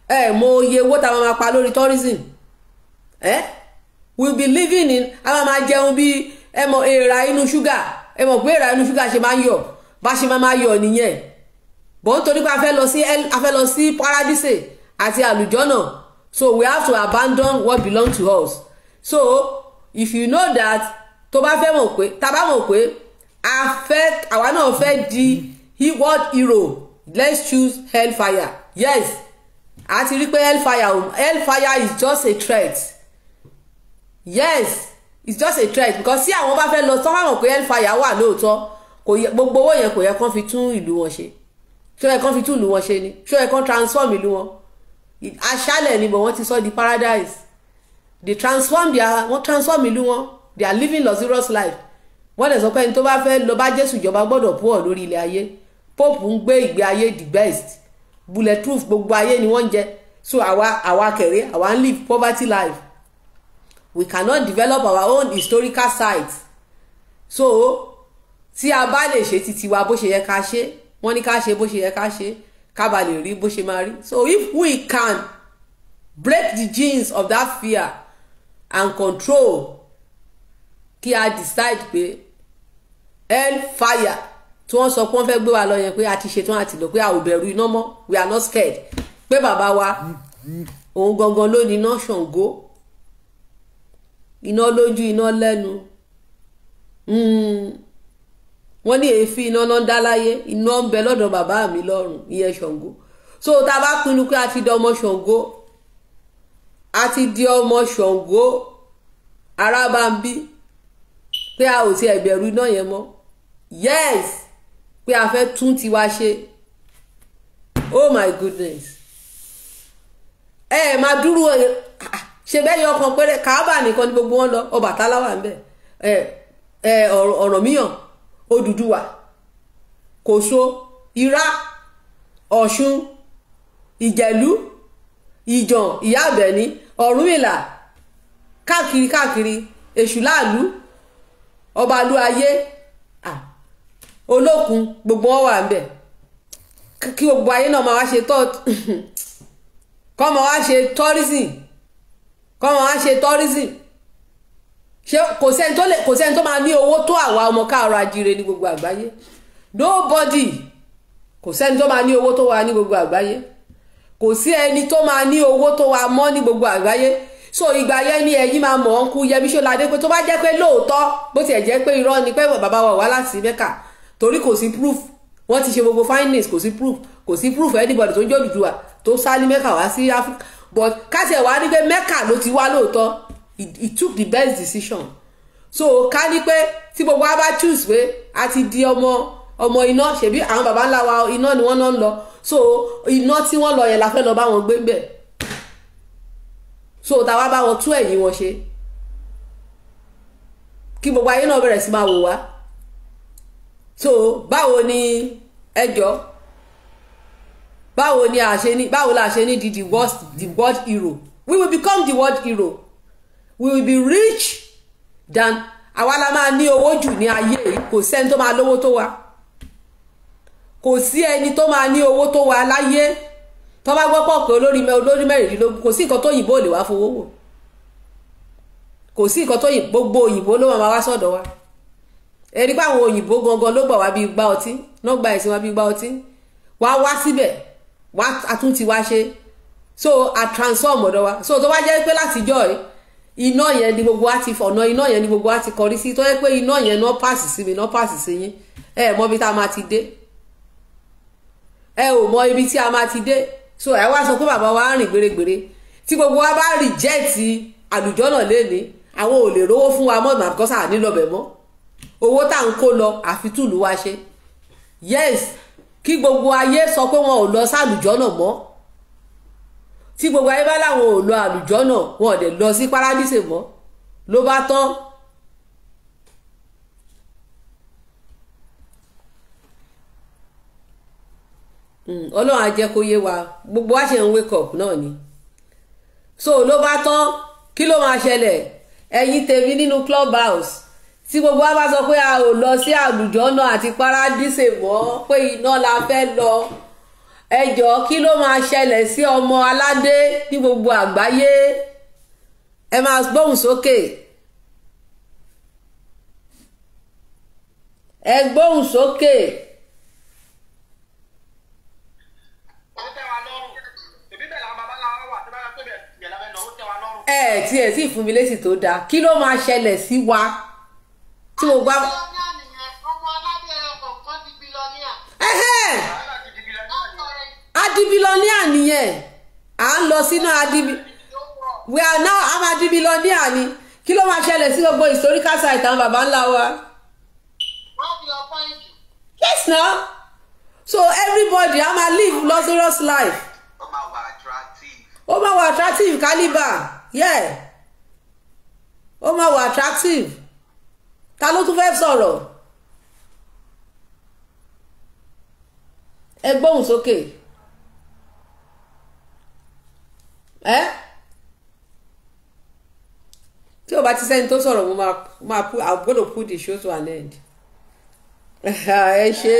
ẹ mọ iye owó tá a máa pa lórí tourism ẹ we be living in a máa máa jẹun bí ẹ mọ èèrà inú ṣúgà ẹ mọ pé èèrà inú ṣúgà ṣe máa ń yọ bá ṣe máa máa yọ nìyẹn bọ́n torí pé a fẹ́ lọ sí a fẹ́ lọ sí paradise àti àlùjọ́nà so we have to abandon what belong to us so if you know that tó bá fẹ́ mọ̀ pé tá a bá mọ̀ pé a fẹ́ àwa náà fẹ́ di world hero let's choose hellfire yes a ti rí pé hellfire hellfire is just a threat yes it's just a threat because see àwọn bá fẹ́ lọ tán wọ́n pé hellfire wà lóòótọ́ kò yẹ gbogbo owó yẹn kò yẹ kán fi tún ìlú wọn ṣe ṣó yẹ kán fi tún ìlú wọn ṣe ni ṣó yẹ kán transform ìlú wọn aṣálẹ̀ ni bọ̀ wọ́n ti sọ di paradise they transform their wọ́n transform ìlú wọn they are living luxurious life wọ́n lè sọ pé ẹni tó bá fẹ́ lọ bá jésù ìjọba gbọ́dọ̀ pọ̀ lórí ilẹ̀ ayé pope ń gbé ìgbé ayé the best bulletproof gbogbo ayé ni wọ́n ń jẹ so àwa àwa kẹ̀rẹ́ àwa ń live poverty life we cannot develop our own historical sites so tí a bá lè ṣe titi wa bó ṣe yẹ ká ṣe wọ́n ní ká ṣe bó ṣe yẹ ká ṣe ká ba lè rí bó ṣe máa rí so if we can break the genes of that fear and control kí a decide pé hellfire tí wọ́n sọ pé wọ́n fẹ́ gbé wa lọ yẹn pé a ti ṣetán àti lọ pé a ò bẹ̀rù iná mọ́ we are not scared pé bàbá wa òun gangan ló ní iná Ṣàngó iná lójú iná lẹ́nu hmm. wọ́n ní èéfín iná náà dá láyé iná ń bẹ lọ́dọ̀ bàbá mi lọ́rùn ìyẹn Ṣàngó so tá a bá pinnu pé a ti di ọmọ Ṣàngó a ti di ọmọ Ṣàngó Arábàmbí pé a ò ti ẹ̀bẹ̀rù iná yẹn mọ́ yes pé a fẹ́ tún tiwa ṣe oh my goodness ẹ ẹ máa dúró ṣe bẹ́ẹ̀ yọ ọkàn péré kàábà nìkan ni gbogbo wọn lọ Ọbàtálá wà ń bẹ̀ ẹ ẹ Ọ̀rànmíyàn Odùduwà Kòso Ìrá Ọ̀ṣun Ìjẹ̀lú Ìjàn Ìyá Àbẹ̀ní Ọ̀rúnmìlà káàkiri káàkiri Èṣù láàlú ọbalú ayé olókun gbogbo wọn wà kí gbogbo ayé náà máa wá ṣe tọ́ kọ́ máa wá ṣe tourism kọ́ máa wá ṣe tourism kò sẹ́ni tó lè kò sẹ́ni tó máa ní owó tó àwa ọmọ káàrọ̀ àjíire ní gbogbo àgbáyé nobody kò sẹ́ni tó máa ní owó tó ní gbogbo àgbáyé kò sí ẹni tó máa ní owó so ìgbà yẹn ni ẹ̀yin máa mọ̀ ọ́n kú Yẹmí Ṣọ́ládé pé tó bá jẹ́ pé lóòótọ́ bó tiẹ̀ jẹ́ pé irọ́ ni pé bàbá wa wá láti Mẹ́kà torí kò sí proof wọ́n ti ṣe gbogbo findings kò sí proof kò sí proof anybody tó ń jòdùdù wa tó sá ní Mẹ́kà wá sí Africa but káṣẹ̀ wá ní pé Mẹ́kà ló ti wá lóòótọ́ he took the best decision so ká ní pé tí gbogbo wa bá choose pé a ti di ọmọ ọmọ iná ṣèbí àwọn bàbá ńlá wa iná ni wọ́n náà ń lọ so iná tí wọ́n lọ yẹn la fẹ́ lọ bá wọn gbé bẹ́ẹ̀ so tàwa bá wọn tún ẹ̀yìn wọn ṣe kí gbogbo ayé náà bẹ̀rẹ̀ sí máa wò wá so báwo ni ẹjọ́ báwo ni àṣe ni báwo la ṣe ni di the worst the world hero we will become the world hero we will be rich than àwa la máa ní owó jù ní ayé yìí kò sẹ́ni tó máa lówó tó wa kò sí ẹni tó máa ní owó tó wa láyé tó bá gbọ́ pọ̀ pé olórí mẹ́rìndínlógún kò sí nǹkan tó yìnbó lè wá fowó wò kò sí nǹkan tó yìnbó gbogbo òyìnbó ló máa wá sọ́dọ̀ wa ẹni pé àwọn òyìnbó gangan ló gbà wá bí gbá ọtí náà gba ẹ̀sìn wá bí gbá ọtí wá wá síbẹ̀ wá àtúntì wá ṣe so a transform ọ̀dọ̀ wa so tó bá jẹ́ pé láti jọ́ ẹ̀ iná yẹn ni gbogbo wa ti fọ̀nà iná yẹn ni gbogbo wa ti kọrí sí tó yẹ pé iná yẹn náà pàṣì sí mi náà pàṣì sí yín ẹ mọ ibi tá a máa ti dé ẹ ò mọ ibi tí a máa ti dé so ẹ wá sọ pé bàbá wa ń rìn gbèrègbèrè tí gbogbo wa bá rìjẹ́ẹ̀tì àlùjọ náà léni àwọn ò lè rówó fún wa mọ́ màkọ́sà nílọ̀bẹ̀ mọ́ owó tá à ń kó lọ àfitúlù wa ṣe yes kí gbogbo ayé sọ pé wọn ò lọ sálùjọ náà mọ́ tí gbogbo ayé bá láwọn ò lọ àlùjọ náà wọn ò dẹ̀ lọ sí paradíṣe mọ́ ló bá tán Hmm, ọlọ́run á jẹ́ kó yé wa gbogbo wa ṣe ń wake up náà ni so ló bá tán kí ló máa ṣẹlẹ̀ ẹ̀yin tèmi nínú club house tí gbogbo wa bá sọ pé a ò lọ sí àlùjọ náà àti paradíṣe mọ́ pé iná la fẹ́ lọ ẹ jọ̀ọ́ kí ló máa ṣẹlẹ̀ sí ọmọ aládé ní gbogbo àgbáyé ẹ máa gbóhùn sókè ẹ gbóhùn sókè. Okay. ẹ ẹ tí ẹ tí fún mi lésì tó dáa kí ló máa ṣẹlẹ̀ sí wa tí mo gbá. adibilọ́níà nìyẹn à ń lọ sínú adibi we are now am adibilọ́níà ni kí ló máa ṣẹlẹ̀ sí gbogbo historical site àwọn baba ńlá wa. yes na so everybody a live luxurious life ó máa wà attractive caliber. yeah ó máa wà attractive ta ló tún fẹ́ sọ̀rọ̀ ẹ gbóhùn sókè ẹ tí o bá ti sẹ́ni tó sọ̀rọ̀ mo máa pu i'm gonna put the show to an end ẹ ṣe.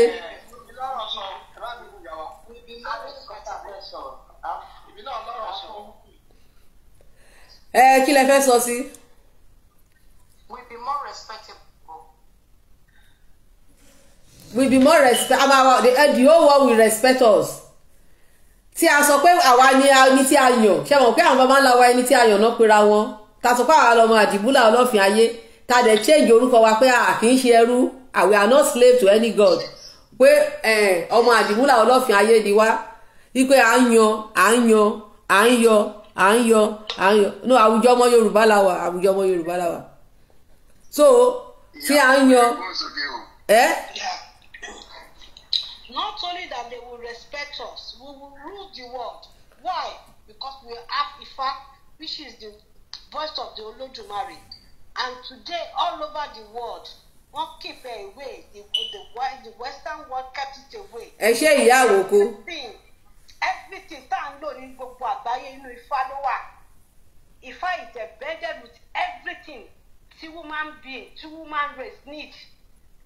ẹ eh, kí lẹ fẹ́ sọ sí. we be more respectable. we be more respect our the, eh, the whole world will respect us. tí a sọ pé àwa ni ẹni tí a yàn ṣe mọ̀ pé àwọn bàbá ńlá wa ẹni tí a yàn náà pera wọn ta sọ pé àwa lọmọ àdìbúlà ọlọ́fin ayé ta dẹ̀ change orúkọ wa pé a kì í ṣe ẹrú we are not slaves to any god pé eh, ọmọ àdìbúlà ọlọ́fin ayé ni wá wípé à ń yan à ń yan à ń yọ à ń yọ à ń yọ no àwùjọ ọmọ yorùbá la wà àwùjọ ọmọ yorùbá la wà so tí à ń yọ ẹ. Not only that they will respect us, we will rule the world. Why? Because we have Ifa, which is the voice of the Olódùmarè. And today, all over the world, wọ́n keep away the, the, the western world kept it away. ẹ ṣe ìyá àwòkọ everything tá à ń lò ní gbogbo àgbáyé inú ifá ló wà ifá is embedded with everything tí woman being tí woman race need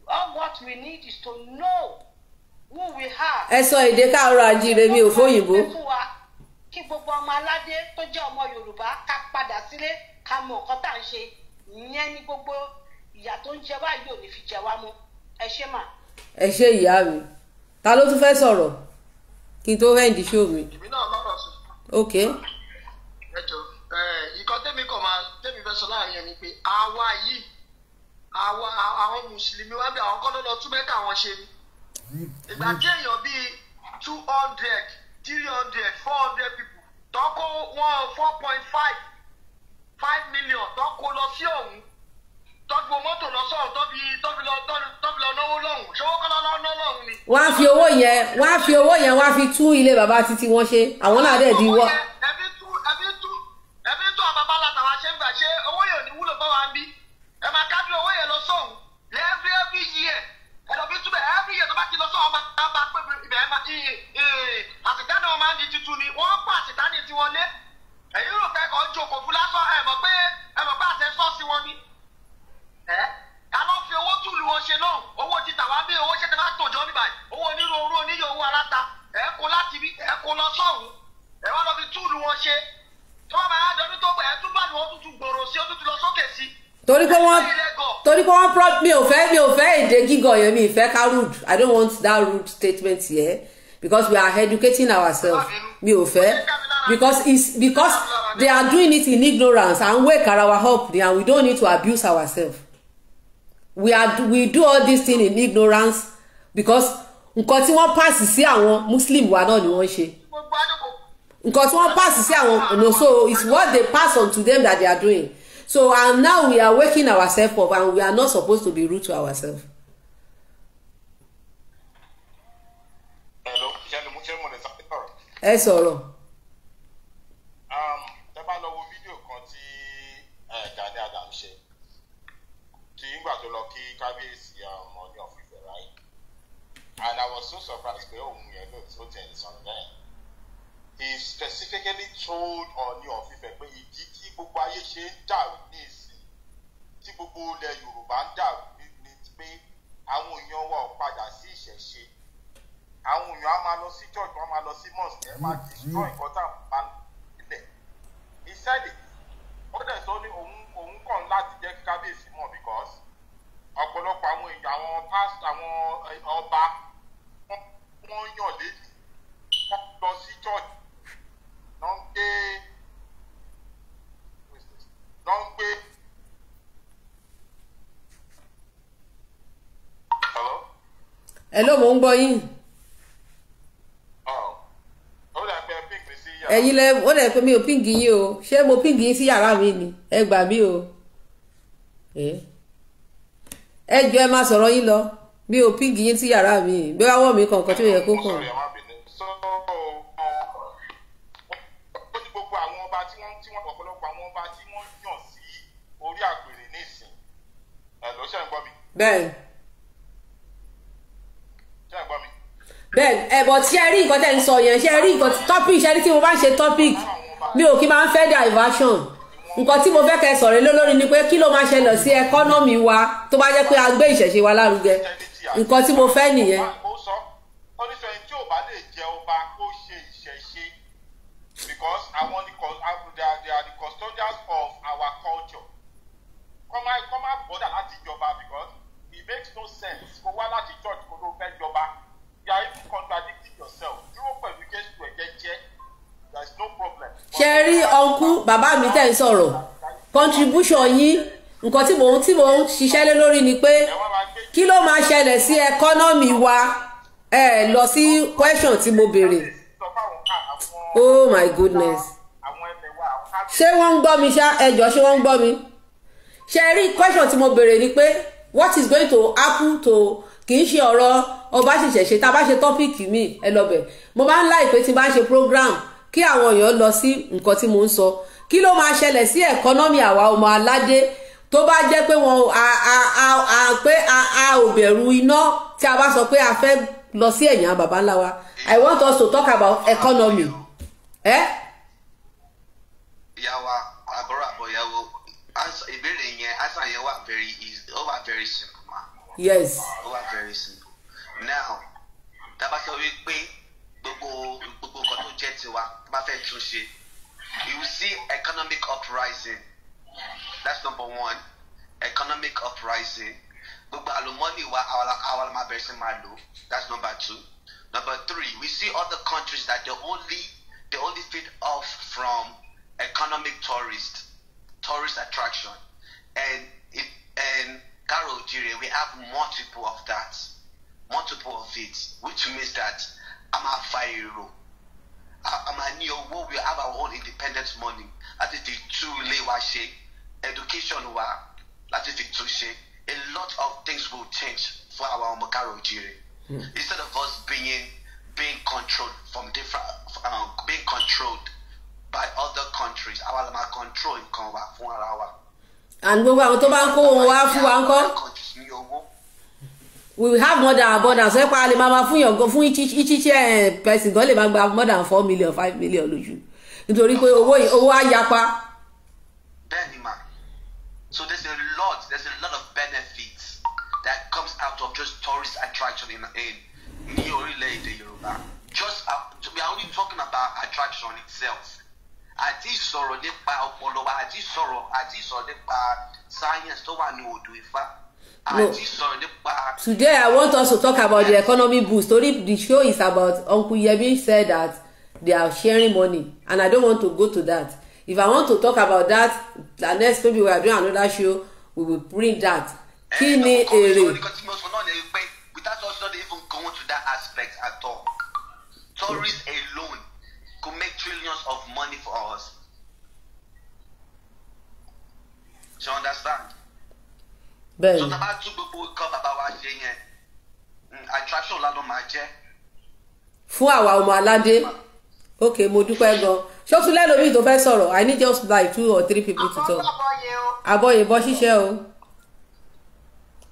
all what we need is to know who we are. ẹ sọ èdè káàárọ̀ ajíire mi ò fóyìnbó. kí gbogbo ọmọ aládé tó jẹ́ ọmọ yorùbá ká padà sílé ká mọ nǹkan tá à ń ṣe ìyẹn ni gbogbo ìyà tó ń jẹ wá yóò ní fi jẹ wá mọ́ ẹ ṣé mà. ẹ ṣé ìyá mi ta ló tún fẹ́ sọ̀rọ̀ kí n tó rẹ́ǹdì ṣó mi. èmi náà lọ́rọ̀ sí. ok. ẹ jọ ẹ nǹkan tẹ́mi kàn máa tẹ́mi fẹ́ láàrin ẹni pé àwa yìí àwa àwọn mùsùlùmí wá bí àwọn kọ́ńdọ́ lọ tún mẹ́ta àwọn ṣe ni. ìgbà tí èèyàn bíi two hundred three hundred four hundred people tọ́kọ́ wọn four point five five million tọ́kọ́ lọ sí ọ̀hún tọ́gbó mọ́tò lọ sọ́ọ̀ tọ́bi tọ́bi lọ tọ́bi lọ náwó lọ́hùn ṣọwọ́ kọ́lá lọ́nà lọ́hùn ni. wọ́n á fi owó yẹn wọ́n á fi owó yẹn wọ́n á fi tún ilé bàbá títí wọ́n ṣe àwọn náà dẹ̀ di wọ́. ẹbí tú ẹbí tú ẹbí tú àwọn bàbá ṣe ń gbà ṣe owó yẹn ò ní wúlò bá wa ń bí ẹ máa kájú owó yẹn lọ sọ́hùn every every year ẹ̀rọ bí túbẹ̀ every year tó bá ti lọ sọ́hùn a lọ fi owó túlù wọn ṣe náà owó títà wá bí owó ṣẹ́tẹ̀ máa tòjọ́ níbà owó onírúurú oníyẹ owó aláta ẹ kó láti bí ẹ kó lọ sọ́hùn ẹ wá lọ fi túlù wọn ṣe tó bá máa dọdún tó gbà ẹ tún bá ní wọn tuntun gbòòrò sí ó tún ti lọ sókè sí. torí pé wọ́n torí pé wọ́n prop mi ò fẹ́ mi ò fẹ́ èdè gígọ̀ yẹn mi ìfẹ́ ká rude I don't want that rude statement here because we are educating ourselves mi ò fẹ́ because it's because they are doing it in ignorance and wake our up and we don't need to abuse ourselves we are we do all this thing in ignorance because nǹkan tí wọ́n pass sí àwọn muslim wa náà ni wọ́n ṣe nǹkan tí wọ́n pass sí àwọn no so it's what they pass on to them that they are doing so and now we are waking ourselves up and we are not supposed to be rude to ourselves. ẹ sọ̀rọ̀. sọ france pé òun yẹn ló ó tẹ̀ sọ̀rọ̀ bẹ́ẹ̀ he specifically told Ọọ̀ni of Ifẹ̀ pé ìdí tí gbogbo ayé ṣe ń dàrú ní ìsìn tí gbogbo ilẹ̀ yorùbá ń dàrú ní pé àwọn èèyàn wa ò padà sí ìṣẹ̀ṣe àwọn èèyàn á máa lọ sí church wọn máa lọ sí mosque ẹ máa destroy nǹkan tá à ń pa nílẹ̀ he said it ó dẹ̀ sọ ní òun òun kàn láti jẹ́ kí kábíyèsí mọ̀ because ọ̀pọ̀lọpọ̀ àwọn èèyàn àwọn past àwọn ọba wọ́n yàn létí wọ́n lọ sí church lọ ń gbé lọ ń gbé. hello mo ń gbọ́ yín. Oh. ẹ̀yin lẹ ó lẹ pé mi ò píǹgì yín o ṣé mo píǹgì yín sí yàrá mi ni ẹ gbà mí o ẹ jọ ẹ máa sọ̀rọ̀ yín lọ bí o píngì yín tí yàrá mi bí wàá mi kàn kan tí ó yẹ kó kàn. gbogbo àwọn ọba tí wọ́n tí wọ́n ọ̀pọ̀lọpọ̀ àwọn ọba tí wọ́n yàn sí orí àpèrè nísìn ẹ̀ ló ṣe ń gbọ́ mi. bẹ́ẹ̀. ṣe ń gbọ́ mi. bẹ́ẹ̀ ẹ̀ bọ̀ tí ẹ rí nǹkan tẹ̀ ń sọ yẹn ṣe rí nǹkan topic ṣe rí tí mo bá ṣe topic mi ò kí máa ń fẹ́ diversion nǹkan tí mo fẹ́ kẹ́ sọ̀rọ̀ lé lórí ni pé kí ló máa ṣẹlẹ̀ sí ẹkọ́nọ́mì wa tó bá jẹ́ pé a gbé ìṣẹ̀ṣe wa lárugẹ nǹkan tí mo fẹ́ nìyẹn. ó ní sọ ẹni tí ò bá lè jẹ ọba kó ṣe ìṣẹ̀ṣe because àwọn they are the custodians of our culture kọ́má kọ́má bọ́dà láti jọba because it makes no sense kó wá láti church kó ló fẹ́ jọba you are even contradicting yourself dúró pẹ̀lú jésù ẹ̀jẹ̀ jẹ́ there is no problem. ṣe rí ọ̀nkú bàbá mi tẹ̀ ń sọ̀rọ̀ contribution yín nǹkan tí mò ń tí ṣiṣẹ́ lé lórí ni pé kí ló máa ṣẹlẹ̀ sí ẹkọ́nọ́mì wa ẹ lọ sí question tí mo béèrè oh my goodness ṣé wọ́n ń gbọ́ mi ṣá ẹjọ́ ṣé wọ́n ń gbọ́ mi ṣe rí question tí mo béèrè ni pé what is going to happen to kì í ṣe ọ̀rọ̀ ọba ṣẹ̀ṣẹ̀ ṣe tá a bá ṣe tọ́pìkì mi ẹ lọ bẹ̀ mo bá ń láìpẹ́ tí n bá ń ṣe program kí àwọn èèyàn lọ sí nǹkan tí mo ń sọ kí ló máa ṣẹlẹ̀ sí ẹ̀kọ́nọ́mì àwa ọmọ aládé tó bá jẹ́ pé wọn a pé a ò bẹ̀rù iná tí a bá sọ pé a fẹ́ lọ sí ẹ̀yìn bàbá ńlá wa I want us to talk about economy. ìyàwó àbúrò àbọ̀yàwó ìbéèrè yẹn answer yẹn wà very easy ó very simple ma. yes. ó wà very simple now dábàá sọ wípé gbogbo gbogbo nǹkan tó jẹ́ tiwa bá fẹ́ tún ṣe you see economic uprising. that's number one economic uprising gbogbo àlùmọ́nì wa àwa la bẹ̀rẹ̀ sí máa lò that's number two number three we see other countries that they only they only feed off from economic tourist tourist attraction and in and karo jire we have multiple of that multiple of it which means that I'm a máa I'm a new ní we have our own independent money that is the two ilé wa education wa láti fi tún ṣe a lot of things will change for our ọmọ káàrọ̀ oòjíire hmm. instead of us being being controlled from different um, being controlled by other countries our la máa control nǹkan wa fún ara wa. and gbogbo àwọn tó bá ń kó wọn wá fún wa ń we will have more than abundance ẹ pa lè máa fún yàn fún ichiche eh, person gan lè máa gba more than four million five million lójú nítorí pé owó owó á yapa. bẹ́ẹ̀ni màá So there's a lot, there's a lot of benefits that comes out of just tourist attraction in, in ní orílẹ̀ Just uh, we are only talking about attraction itself. Àti sọ̀rọ̀ nípa ọpọlọ wa, àti sọ̀rọ̀ àti sọ̀rọ̀ nípa science tó wà ní odò Ifá. No. Today I want us to talk about the economy boost. Only the show is about Uncle Yemi said that they are sharing money and I don't want to go to that if i want to talk about that the next maybe we are doing another show we will bring that eh, kí ni èrè. without not even going to that aspect at all tourists alone go make trillions of money for us you understand. bẹ́ẹ̀ni so tá tún gbogbo ikọ̀ bàbá wa ṣe yẹn hmm, attraction lánàá máa jẹ́. fún àwa ọmọ aládé ok mo dúpẹ́ gan-an ṣọ́tún lẹ́nu mi tó fẹ́ sọ̀rọ̀ i need just like two or three people to talk. àbọ̀yè bọ́ ṣiṣẹ́ o.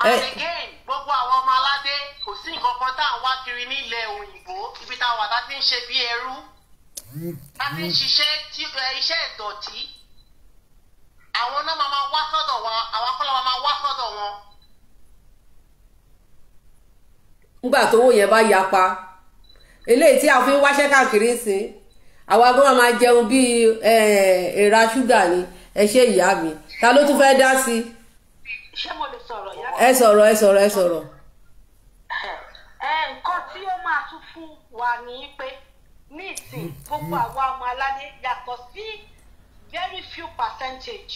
and eh. again gbogbo àwọn ọmọ aládé kò sí nǹkan kan tá à ń wá kiri nílẹ̀ òyìnbó ibi táwọn àdá ti ń ṣe bí ẹrú láti ń ṣiṣẹ́ eh, iṣẹ́ ìdọ̀tí àwọn náà máa máa wá sọ́dọ̀ wọn àwọn akọ́lá máa máa wá sọ́dọ̀ wọn. nígbà tówó yẹn bá yapa eléyìí tí a fi ń wáṣẹ́ káàkiri sí i àwa gbọ́dọ̀ máa jẹun bíi èèrà ṣúgà ni ẹ ṣe ìyá mi ta ló tún fẹ́ dá sí. ṣé mo lè sọ̀rọ̀ ìyá ẹ sọ̀rọ̀ ẹ sọ̀rọ̀ ẹ sọ̀rọ̀. nǹkan tí ó máa tún fún wa ní pé ní ìsìn gbogbo àwọn ọmọ aládé yàtọ̀ sí very few percentage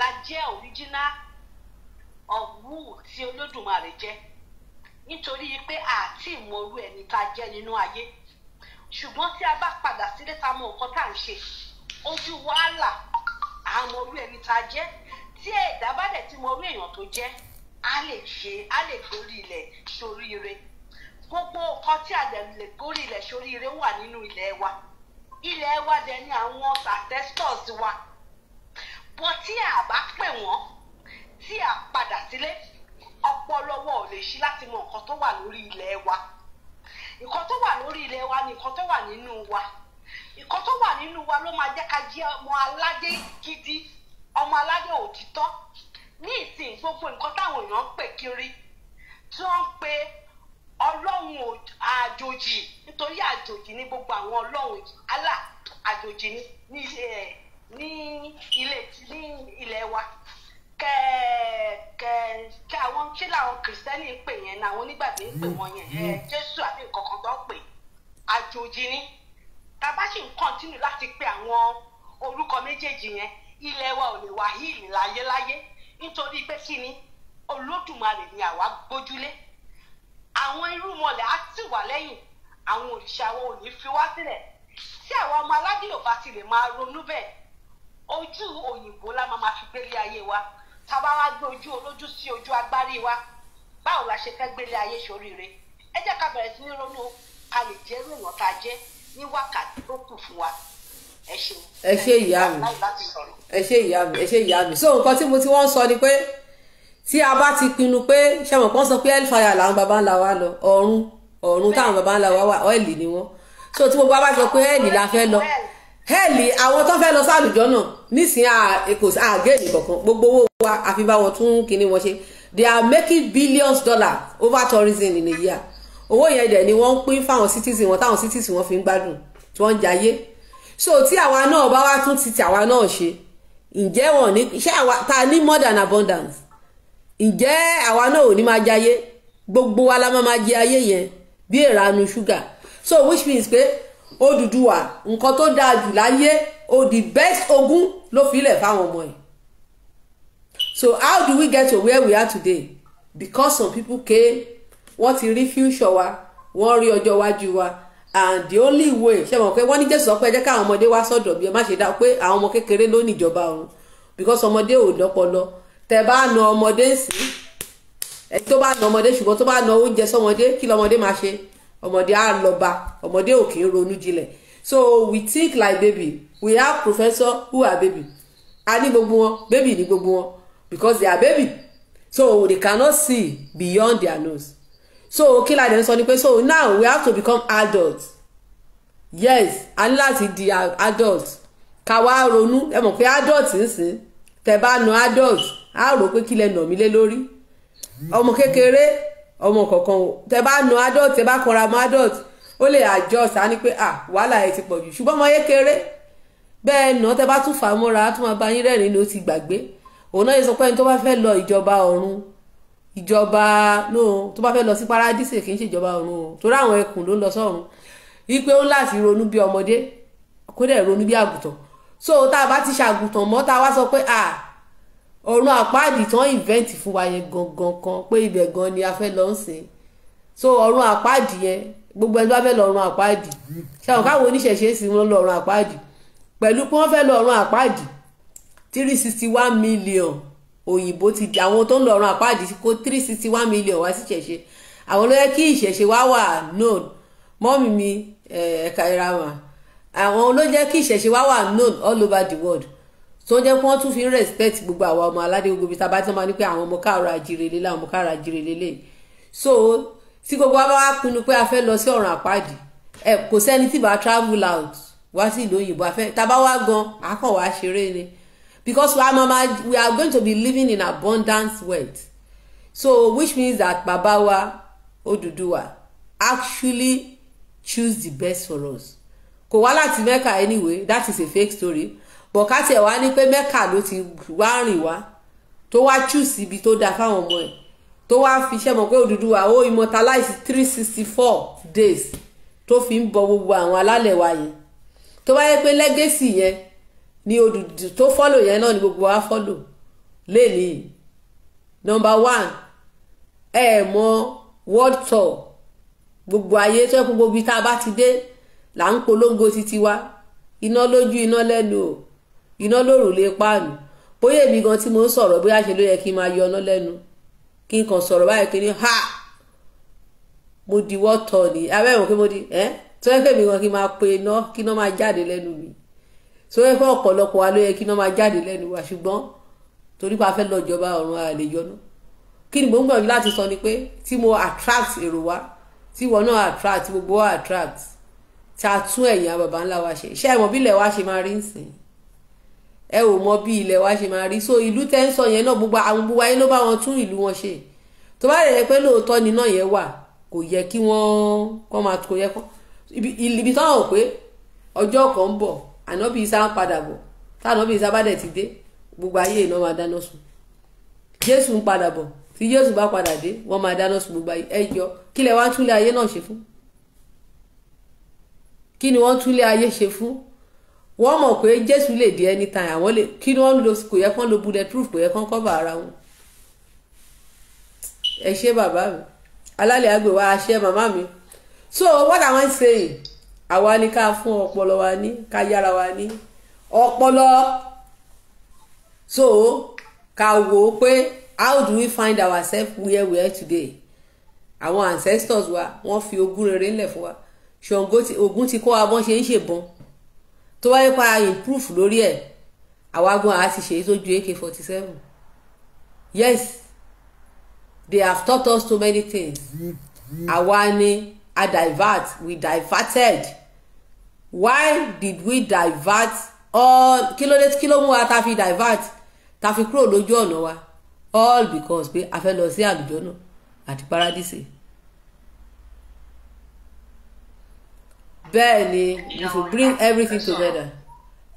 la jẹ́ original of who tí Olódùmarè jẹ́ nítorí pé àti ìmọ̀rú ẹni tá a jẹ́ nínú ayé. No ṣùgbọ́n tí a bá padà sílé tá mọ nǹkan tá à ń ṣe ojú wàhálà àmọ́ orí ẹni tá a jẹ́ tí ẹ̀dá bá dẹ̀ ti mọ orí èèyàn tó jẹ́ a lè ṣe a lè gorí ilẹ̀ ṣoríire gbogbo nǹkan tí a dẹ̀ lè gorí ilẹ̀ ṣoríire wà nínú ilẹ̀ wa ilẹ̀ wa dẹ̀ ni àwọn ancestors wa bọ́ tí a bá pè wọ́n tí a padà sílé ọpọlọ wa ò lè ṣí láti mọ nǹkan tó wà lórí ilẹ̀ wa nǹkan tó wà lórí ilẹ̀ wa ni nǹkan tó wà nínú wa nǹkan tó wà nínú wa ló máa jẹ́ ká jẹ́ ọmọ aládé gidi ọmọ aládé òtítọ́ ní ìsìn gbogbo nǹkan táwọn èèyàn ń pè kiri tí wọ́n ń pe ọlọ́run àjòjì nítorí àjòjì ní gbogbo àwọn ọlọ́run Allah àjòjì ní ilé ní ilẹ̀ wa kẹ́ẹ̀ kí làwọn kìrìsìtẹ́nì ń pè yẹn náà àwọn onígbàgbé ń pè wọ́n yẹn mm-hmm. jésù àbí nǹkan kan tó ń pè àjòjì ni tàbá sì ń kọ́ntínú láti pe àwọn orúkọ méjèèjì yẹn ilẹ̀ wa ò lè wá híìlì láyéláyé nítorí pé kí ni olódùmarè ni àwa gbójúlé àwọn irúnmọlẹ̀ á sì wà lẹ́yìn àwọn òrìṣà wọn ò ní fi wá sílẹ̀ tí àwọn ọmọ aládìyò bá ti lè máa ronú bẹ́ẹ̀ ojú òyìnbó la máa fi gbélé ayé wa tá a bá wá gbé ojú olójú sí ojú agbárí wa báwo la ṣe fẹ́ gbélé ayé ṣoríire ẹ jẹ́ ká bẹ̀rẹ̀ sí ní ronú ká lè jẹ́ ròyìn tá a jẹ́ ní wákàtí tó kù fún wa ẹ ṣe ẹ ṣe ìyá mi ẹ ṣe ìyá mi ẹ ṣe ìyá mi so nǹkan tí mo ti wọ́n sọ ni pé tí a bá ti pinnu pé ṣẹ́wọ̀n kan sọ pé hellfire làwọn baba ńlá wa lọ ọ̀run ọ̀run táwọn baba ńlá wa wà ọ̀ẹ́lì ni wọ́n so tí gbogbo wa bá sọ pé hẹ́ẹ̀lì la fẹ́ lọ hẹ́ẹ̀lì àwọn tó fẹ́ lọ sáàlùjọ́ náà nísìnyí àgé ìkọ̀kan gbogbo owó wa àfi bá wọn tún kíní wọn ṣe they are making billions dollar over tourism in a year owó yẹn dẹ̀ ni wọ́n ń pín fáwọn citizen wọn táwọn citizen wọn fi ń gbádùn tí wọ́n ń jayé so tí àwa náà bá wá tún ti ti àwa náà ṣe ǹjẹ́ wọn ní ṣé àwa ta ní more than abundance ǹjẹ́ àwa náà ò ní máa jayé gbogbo wa la máa máa jẹ ayé yẹn bí ìranu ṣúgà so which means pé Odùduwà nǹkan tó dáa jù láyé o the best ogun ló fi ilẹ̀ fáwọn ọmọ yìí so how do we get to where we are today because some people came wọ́n ti rí future wa wọ́n rí ọjọ́ iwájú wa and the only way ṣe mọ̀ pé wọ́n ní jésù sọ pé ẹ jẹ́ ọmọdé wá sọ̀dọ̀ bí ẹ má ṣe dá pé àwọn ọmọ kékeré ló ní ìjọba òun because ọmọdé ò lọ́pọlọ tẹ bá na ọmọdé sí ẹ tó bá na ọmọdé ṣùgbọ́n tó bá na oúnjẹ sọmọdé kí lọmọdé máa ṣe ọmọdé á lọ bá ọmọdé ò kì í ronú jinlẹ̀ so we think like baby we have professor who are baby a ní gbogbo wọn baby ní gbogbo wọn because they are baby so they cannot see beyond their nose so kí la dẹ̀ ń sọ ni pé so now we have to become adults yes a ní láti di adult ká wá ronú ẹ mọ̀ pé adult nsìn tẹ bá na adult á rò pé kí lẹ nà mí lé lórí ọmọ kékeré ọmọ kọ̀ọ̀kan o tẹ bá na adult tẹ bá kanra mọ́ adult ó lè adjust á ní pé ah wàhálà ẹ ti pọ̀ jù ṣùgbọ́n ọmọ kékeré bẹ́ẹ̀ nà tẹ bá tún fà á mọ́ra á tún máa bá yín rẹ́rìn-ín ló ti gbàgbé òun náà yẹ sọ pé ẹni tó bá fẹ́ lọ ìjọba ọ̀run ìjọba no tó bá fẹ́ lọ sí paradísè kì í ṣe ìjọba ọ̀run o torí àwọn ẹkùn ló ń lọ sọ́run wípé ó láti ronú bí ọmọdé kó dẹ̀ ronú bí àgùntàn so tá a bá ti ṣàgùntàn mọ́ tá a wá sọ pé à ọ̀run àpáàdì tán ìvẹ́ǹtì fún wa yẹn gangan kan pé ibẹ̀ gan ni a fẹ́ lọ ń sìn so ọ̀run àpáàdì yẹn gbogbo ẹni tó bá fẹ́ lọ ọ̀run àpáàdì ṣàwọn káwọn oníṣẹ̀ṣe sì wọ́n lọ ọ̀run àpáàdì pẹ̀lú pé wọ́n fẹ́ lọ ọ̀run àpáàdì three sixty one million òyìnbó ti di àwọn tó ń lọ ọ̀run àpáàdì kó three sixty one million wá sí ìṣẹ̀ṣe àwọn ló yẹ kí ìṣẹ̀ṣe wá wà known mọ́mì mi eh, ẹ̀ka ìra mà àwọn ló jẹ́ kí ìṣẹ̀ṣe wá wà known all over the world tó jẹ́ pé wọ́n tún fi ń respect gbogbo àwọn ọmọ aládé gbogbo ibi tá a bá tán máa ní pé àwọn ọmọ káàrọ̀ àjíire lélẹ̀ àwọn ọmọ káàrọ̀ àjíire lélẹ̀ so tí gbogbo wa bá wá pinnu pé a fẹ́ lọ sí ọ̀run àpáàdì ẹ eh, kò sẹ́ni tí bá travel out wá sí ìlú òyìnbó afẹ́ tá a bá wá gan akọ̀ wá ṣeré ni because wa mama we are going to be living in abundance wealth so which means that Babawa wa Oduduwa actually choose the best for us kò wá láti Mecca anyway that is a fake story but kati tiẹ̀ wá ní pé Mecca ló ti wá rìn wá tó wá choose ibi tó dáa fáwọn ọmọ ẹ̀ tó wá fi iṣẹ́ mọ̀ pé Oduduwa ó immortalize three sixty four days tó fi ń bọ gbogbo àwọn alálẹ̀ wa yẹn tó bá yẹ pé legacy yẹn Ni odù tó fọ́lò yẹn náà ni gbogbo wa fọ́lò lẹ́ẹ̀ni nọmba one ẹ eh, mọ world tour gbogbo ayé tó yẹ kó gbogbo ibi tá a bá ti dé là ń polongo títí wa iná lójú iná lẹ́nu o iná lórùlé páànù bóyá èmi gan tí mo ń sọ̀rọ̀ bóyá ṣe ló yẹ kí n máa yọ iná lẹ́nu kí n kàn sọ̀rọ̀ báyìí kí ni ha mo di world tour ni abẹ́rẹ́ mọ̀ pé mo di ẹ́ tó yẹ kí èmi gan kí n máa pe iná kí iná máa jáde lẹ́nu mi so ẹ fẹ́ ọ̀pọ̀lọpọ̀ wa ló yẹ kí iná máa jáde lẹ́nu wa ṣùgbọ́n torí pa fẹ́ lọ́jọba ọ̀run àlejò náà kí ni mò ń gbìyànjú láti sọ ni pé tí mo attract èrò wa tí ìwọ náà attract gbogbo wa attract tí a tún ẹ̀yìn bàbá ńlá wa ṣe ṣé ẹ mọ̀ bí ilẹ̀ wa ṣe máa rí nsìn ẹ ò mọ̀ bí ilẹ̀ wa ṣe máa rí so ìlú tẹ́ ń sọ yẹn náà gbogbo àwọn gbogbo ayé ló bá wọn tún ìlú wọn ṣe tó bá rẹ̀ pé lóòótọ́ ni náà yẹn wà kò yẹ kí wọ́n kọ́ máa kò yẹ kọ́ ibi tán ò pé ọjọ́ kan ń bọ̀ ànábì isa ń padà bọ̀ tá ànábì isa bá dẹ̀ ti dé gbogbo ayé iná máa dáná sun jésù ń padà bọ̀ tí jésù bá padà dé wọ́n máa dáná sun gbogbo ayé ẹ jọ kí lẹ wá túlẹ̀ ayé náà ṣe fún kí ni wọ́n túlẹ̀ ayé ṣe fún wọ́n mọ̀ pé jésù lè dé anytime àwọn lè kí ni wọ́n lo kò yẹ kán lo bullet proof kò yẹ kán kọ́ ara wọn ẹ ṣé bàbá mi alálẹ̀ àgbè wa ṣe màmá mi so what am I saying àwa ni ká fún ọpọlọ wa ní ká yára wa ní ọpọlọ so ká wò ó pé how do we find ourselves where we are today àwọn ancestors wa wọ́n fi ogún rere ńlẹ̀ fún wa ṣòǹgó ogun ti kọ́ wa bọ́n ṣe ń ṣèbọn tó wáyé pa improve lórí ẹ̀ àwa gan àá ti ṣèyí tó ju ak forty seven yes they have taught us too many things mm-hmm. àwa ni a divert we diverted why did we divert all kí ló dé kí wa ta fi divert ta fi kúrò lójú ọ̀nà wa all because pé a fẹ́ lọ sí àlùjọ náà àti paradise. bẹ́ẹ̀ ni we should bring everything together.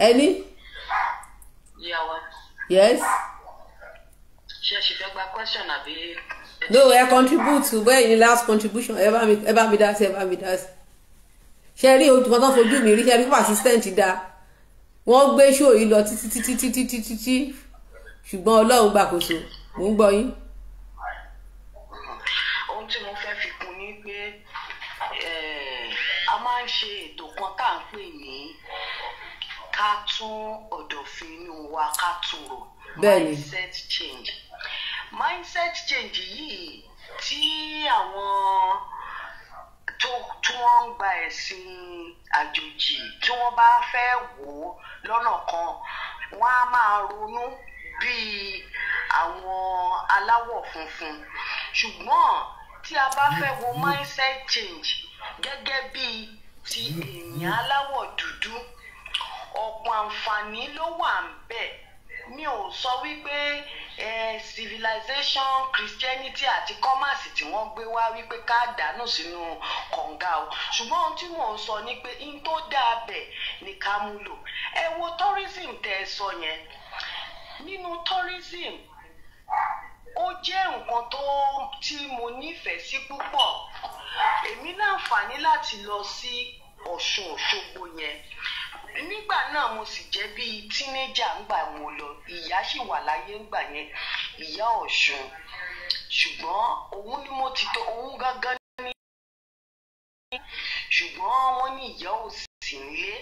ẹni. yes. ṣe ṣe fẹ́ gba question àbí. no ẹ contribute bẹ́ẹ̀ ni last contribution ẹ bá mi dá sí ẹ bá mi dá sí ṣe rí ojúmọ́ tán fojú mi rí ṣe rí persistent da, wọ́n gbé ṣó yìí lọ títí títí títí títí tí ṣùgbọ́n ọlọ́run gbàkóso mò ń gbọ́ yín. ohun tí mo fẹ́ fi kún ni pé eh, a máa ń ṣe ètò kan tá à ń pè ní ká tún ọ̀dọ̀fin inú wa ká tún mindset change mindset change yìí tí àwọn. Àwọn tó tí wọ́n ń gba ẹ̀sìn àjòjì tí wọ́n bá fẹ́ wò ó lọ́nà kan wọ́n á máa ronú bíi àwọn aláwọ̀ funfun ṣùgbọ́n tí a bá fẹ́ wo mindset change gẹ́gẹ́ bíi ti èèyàn aláwọ̀ dúdú ọ̀pọ̀ àǹfààní ló wà ń bẹ̀ mi ò sọ wípé civilization christianity àti commerce tí wọ́n gbé wá wípé ká dànù sínú kànga o ṣùgbọ́n ohun tí mò ń sọ ni pé n tó dáa bẹ̀ ni ká mú lò ẹ wo tourism tẹ́ ẹ sọ yẹn nínú tourism ó jẹ́ nǹkan tó tí mo nífẹ̀ẹ́ sí púpọ̀ èmi láǹfààní láti lọ sí Ọ̀ṣun Òṣogbo yẹn nígbà náà mo sì jẹ́ bíi tínéjà ń gbà wọn lọ ìyá sì wà láyé ń gbà yẹn ìyá ọ̀ṣun ṣùgbọ́n òun ni mo ti tó òun gángan ní. ṣùgbọ́n wọ́n ní ìyá ò sí nílé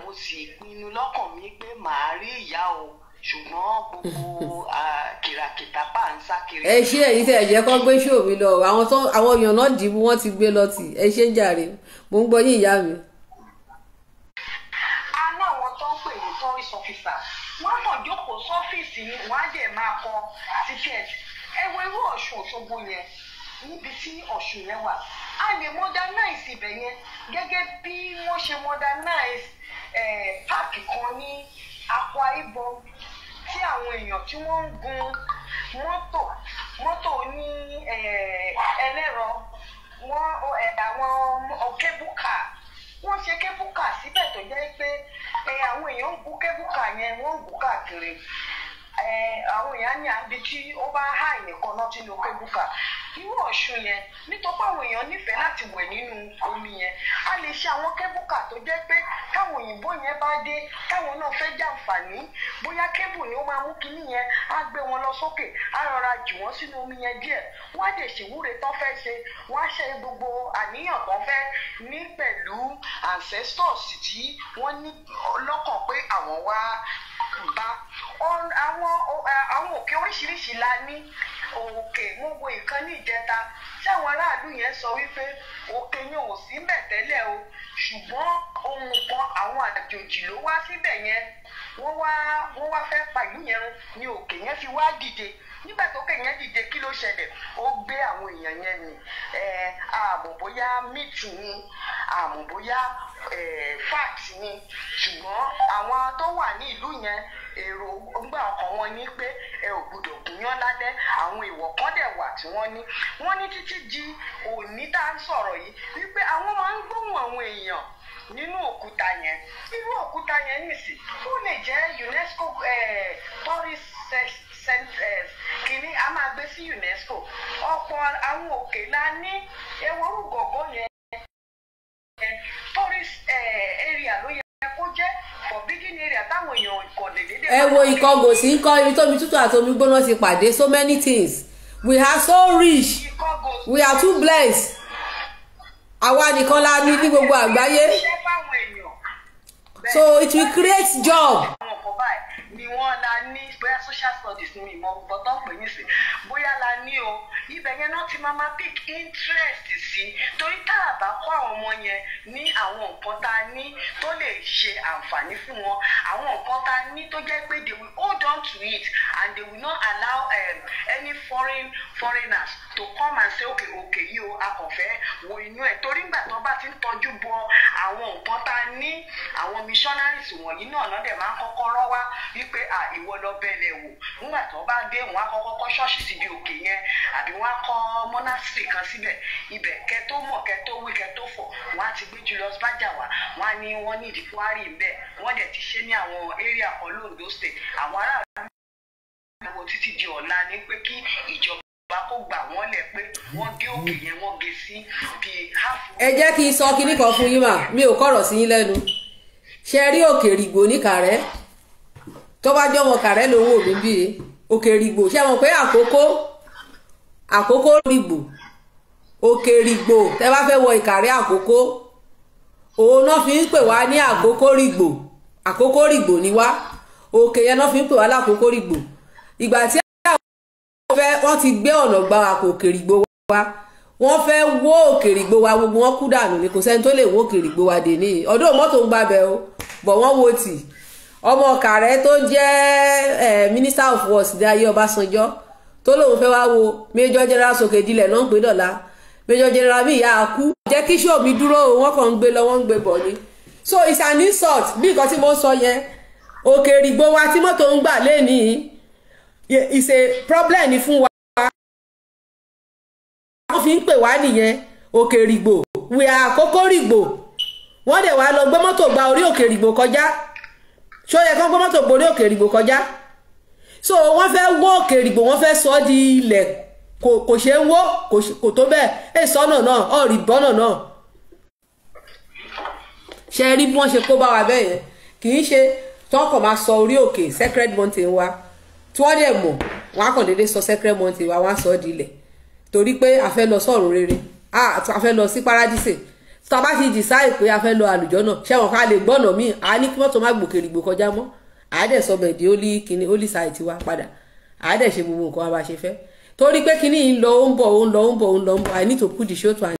mo sì pinnu lọ́kàn mi pé màá rí ìyá o ṣùgbọ́n gbogbo kìràkìtà bá ń sá kiri. ẹ ṣe èyí tẹ ẹ jẹ́ gbé ṣòwò lọ àwọn èèyàn náà dìbò wọ́n ti gbé lọ tì ẹ ṣe ń jàre mò ń gbọ́ yín ìyá mi. tiyín wọ́n á dẹ̀ máa kọ tíkẹ́ẹ̀tì ẹ wo irú ọ̀ṣun òṣogbo yẹn níbi tí ọ̀ṣun yẹn wà a lè modernize ibẹ̀ yẹn gẹ́gẹ́ bí wọ́n ṣe modernize páàkì kan ní Akwa Ibom tí àwọn èèyàn tí wọ́n ń gun mọ́tò mọ́tò ní ẹlẹ́rọ wọ́n àwọn kébùkà wọ́n ṣe kébùkà síbẹ̀ tó jẹ́ pé àwọn èèyàn ń gun kébùkà yẹn wọ́n ń gun káàkiri Eh, àwọn èèyàn ní àbí tí ó bá há ìnìkan náà tí ní okó gúfà irú ọ̀ṣun yẹn nítorí àwọn èèyàn nífẹ̀ẹ́ láti wẹ̀ nínú omi yẹn a lè ṣe àwọn kébùkà tó jẹ́ pé táwọn òyìnbó yẹn bá dé táwọn náà fẹ́ jàǹfààní bóyá kébù ni ó máa mú kinní yẹn á gbé wọn lọ sókè á rọra jù wọ́n sínú omi yẹn díẹ̀ wọ́n á lè ṣèwúre tán fẹ́ ṣe wọ́n á ṣe gbogbo àníyàn tán fẹ́ ní pẹ̀lú ancestors tí wọ́n ní lọ́kàn pé àwọn wá bá àwọn àwọn òkè oríṣiríṣi la ní òkè mo wo ìkan ní ìjẹta tí àwọn aráàlú yẹn sọ wípé òkè yẹn ò sí bẹ̀ tẹ́lẹ̀ o ṣùgbọ́n ohun kan àwọn àjòjì ló wá síbẹ̀ yẹn wọ́n wá wọ́n wá fẹ́ pa ìlú yẹn ni òkè yẹn fi wá dìde nígbà tó kè yẹn dìde kí ló ṣẹlẹ̀ ó gbé àwọn èèyàn yẹn ni àmọ́ bóyá mìtù ni àmọ́ bóyá Eh, fact ni ṣùgbọ́n àwọn tó wà ní ìlú yẹn èrò gbà ọkàn wọn ní pé ẹ ò gbọdọ̀ lálẹ́ àwọn èèwọ̀ kan dẹ̀ wà tí wọ́n ní wọ́n ní títí di òní tá à ń sọ̀rọ̀ yìí wípé àwọn máa ń gbóhùn àwọn èèyàn nínú òkúta yẹn UNESCO eh, tourist kìíní a máa gbé UNESCO ọ̀pọ̀ àwọn òkè la ní yẹn tourist eh, area ló yẹ kó jẹ́ forbidden area táwọn èèyàn kò lè dédé. ẹ wo ìkọgòsì ń kọ ibi tómi àti omi gbóná ti pàdé so many things we are so rich we are too blessed àwa nìkan la ní ní gbogbo àgbáyé so it will create job wọn la ní bóyá social studies ni ìmọ̀ ọgbọ́n tó ń pè nísìn bóyá la ní o ibẹ̀ yẹn náà ti máa máa pick interest sí torí tá a bá kọ́ àwọn ọmọ yẹn ní àwọn nǹkan tá a ní tó lè ṣe àǹfààní fún wọn àwọn nǹkan tá a ní tó jẹ́ pé they will hold on to it and they will not allow um, any foreign foreigners to come and say okay okay yìí o a kàn fẹ́ wo inú ẹ̀ torí ńgbà tó bá ti ń tọ́jú bọ àwọn nǹkan tá a ní àwọn missionaries wọ̀nyí náà náà dẹ̀ máa ń kọ́kọ́ rọ́ wá wípé pé à ìwọ lọ bẹ̀lẹ̀ wò nígbà tó bá dé wọn á kọ́kọ́ ṣọ́ọ̀ṣì síbi òkè yẹn àbí wọn á mọ́násírì kan síbẹ̀ ibẹ̀ kẹ tó mọ̀ kẹ tó wí kẹ tó fọ̀ wọn á ti gbé Julius Baja wá wọn á ní wọn ní ìdí kwari ńbẹ wọn dẹ̀ ti ṣe ní àwọn area kan l'Ondo state àwọn aráàlú àwọn títí di ọ̀la ni pé kí ìjọba ẹ jẹ́ kí n sọ kinní kan fún yín mà mi ò kọ̀rọ̀ sí yín lẹ́nu ṣe rí òkè rìgbò níkàrẹ́ tó bá jọmọ kàrẹ́ lówó mi bí òkèrìgbò ṣé mọ̀ pé àkókò àkókò rìgbò òkèrìgbò tẹ́ bá fẹ́ wọ ìkàrẹ́ àkókò òun náà fi ń pè wá ní àkókò rìgbò àkókò rìgbò ni wá òkè yẹn náà fi ń pè wá lákòókò rìgbò ìgbà tí àwọn fẹ́ wọ́n ti gbé ọ̀nà gba àkòkèrìgbò wá wọ́n fẹ́ wó òkèrìgbò wa gbogbo wọn kú dànù ni kò sẹ́ni tó lè wó òkèrìgbò wa dè ní ọdún mọ́tò ń gbàbẹ̀ o bọ̀ wọ́n wo tì í ọmọ kàrẹ́ tó jẹ́ minister of works Dayé Ọbásanjọ́ tó lóun fẹ́ wá wo major general Sòkèdilẹ̀ náà ń pè major general mi ìyá kú jẹ́ kí show mi dúró o wọ́n kàn ń gbé lọ wọ́n ń gbé bọ̀ ni so it's an insult bí nǹkan tí mo sọ yẹn òkè ìrìgbò wa tí mọ́tò ń gbà lénìí it's a problem ni fún wa wọ́n fi ń pè wá nìyẹn òkè ìrìgbò we are àkókò ìrìgbò wọ́n dẹ̀ wá lọ gbé mọ́tò gba orí òkè ìrìgbò kọjá ṣó yẹ kán gbọ́ mọ́tò borí òkè ìrìgbò kọjá so wọ́n fẹ́ wó òkè ìrìgbò wọ́n fẹ́ sọ di ilẹ̀ kò ṣe ń wó kò tó bẹ́ẹ̀ ẹ̀ sọ́nà náà ọ̀rì bọ́nà náà ṣe rí bí wọ́n ṣe kó bá wa bẹ́ẹ̀ yẹn kì í ṣe tọkọ̀ máa sọ orí òkè sacred mountain wa tí wọ́n dẹ̀ mọ̀ wọ́n á kàn déédé sọ sacred mountain wa wọ́n á sọ ọ́ di ilẹ̀ torí pé a fẹ́ lọ sọ́run rere a fẹ́ lọ sí paradise tàbá ti decide pé a fẹ́ lọ àlùjọ náà ṣẹ́wọ̀n ká lè gbọ́nà míì a ní kí mọ́tò má gbòkèrìgbò kọjá mọ́ àádẹ́ sọ bẹ̀ẹ̀dì ó kíní ó lé sáìtì padà àádẹ́ ṣe gbogbo nǹkan wa bá ṣe fẹ́ torí pé kíní ń lọ ó ń bọ̀ ó ń lọ ó ń bọ̀ ó ń lọ ń bọ̀ I need to put the show to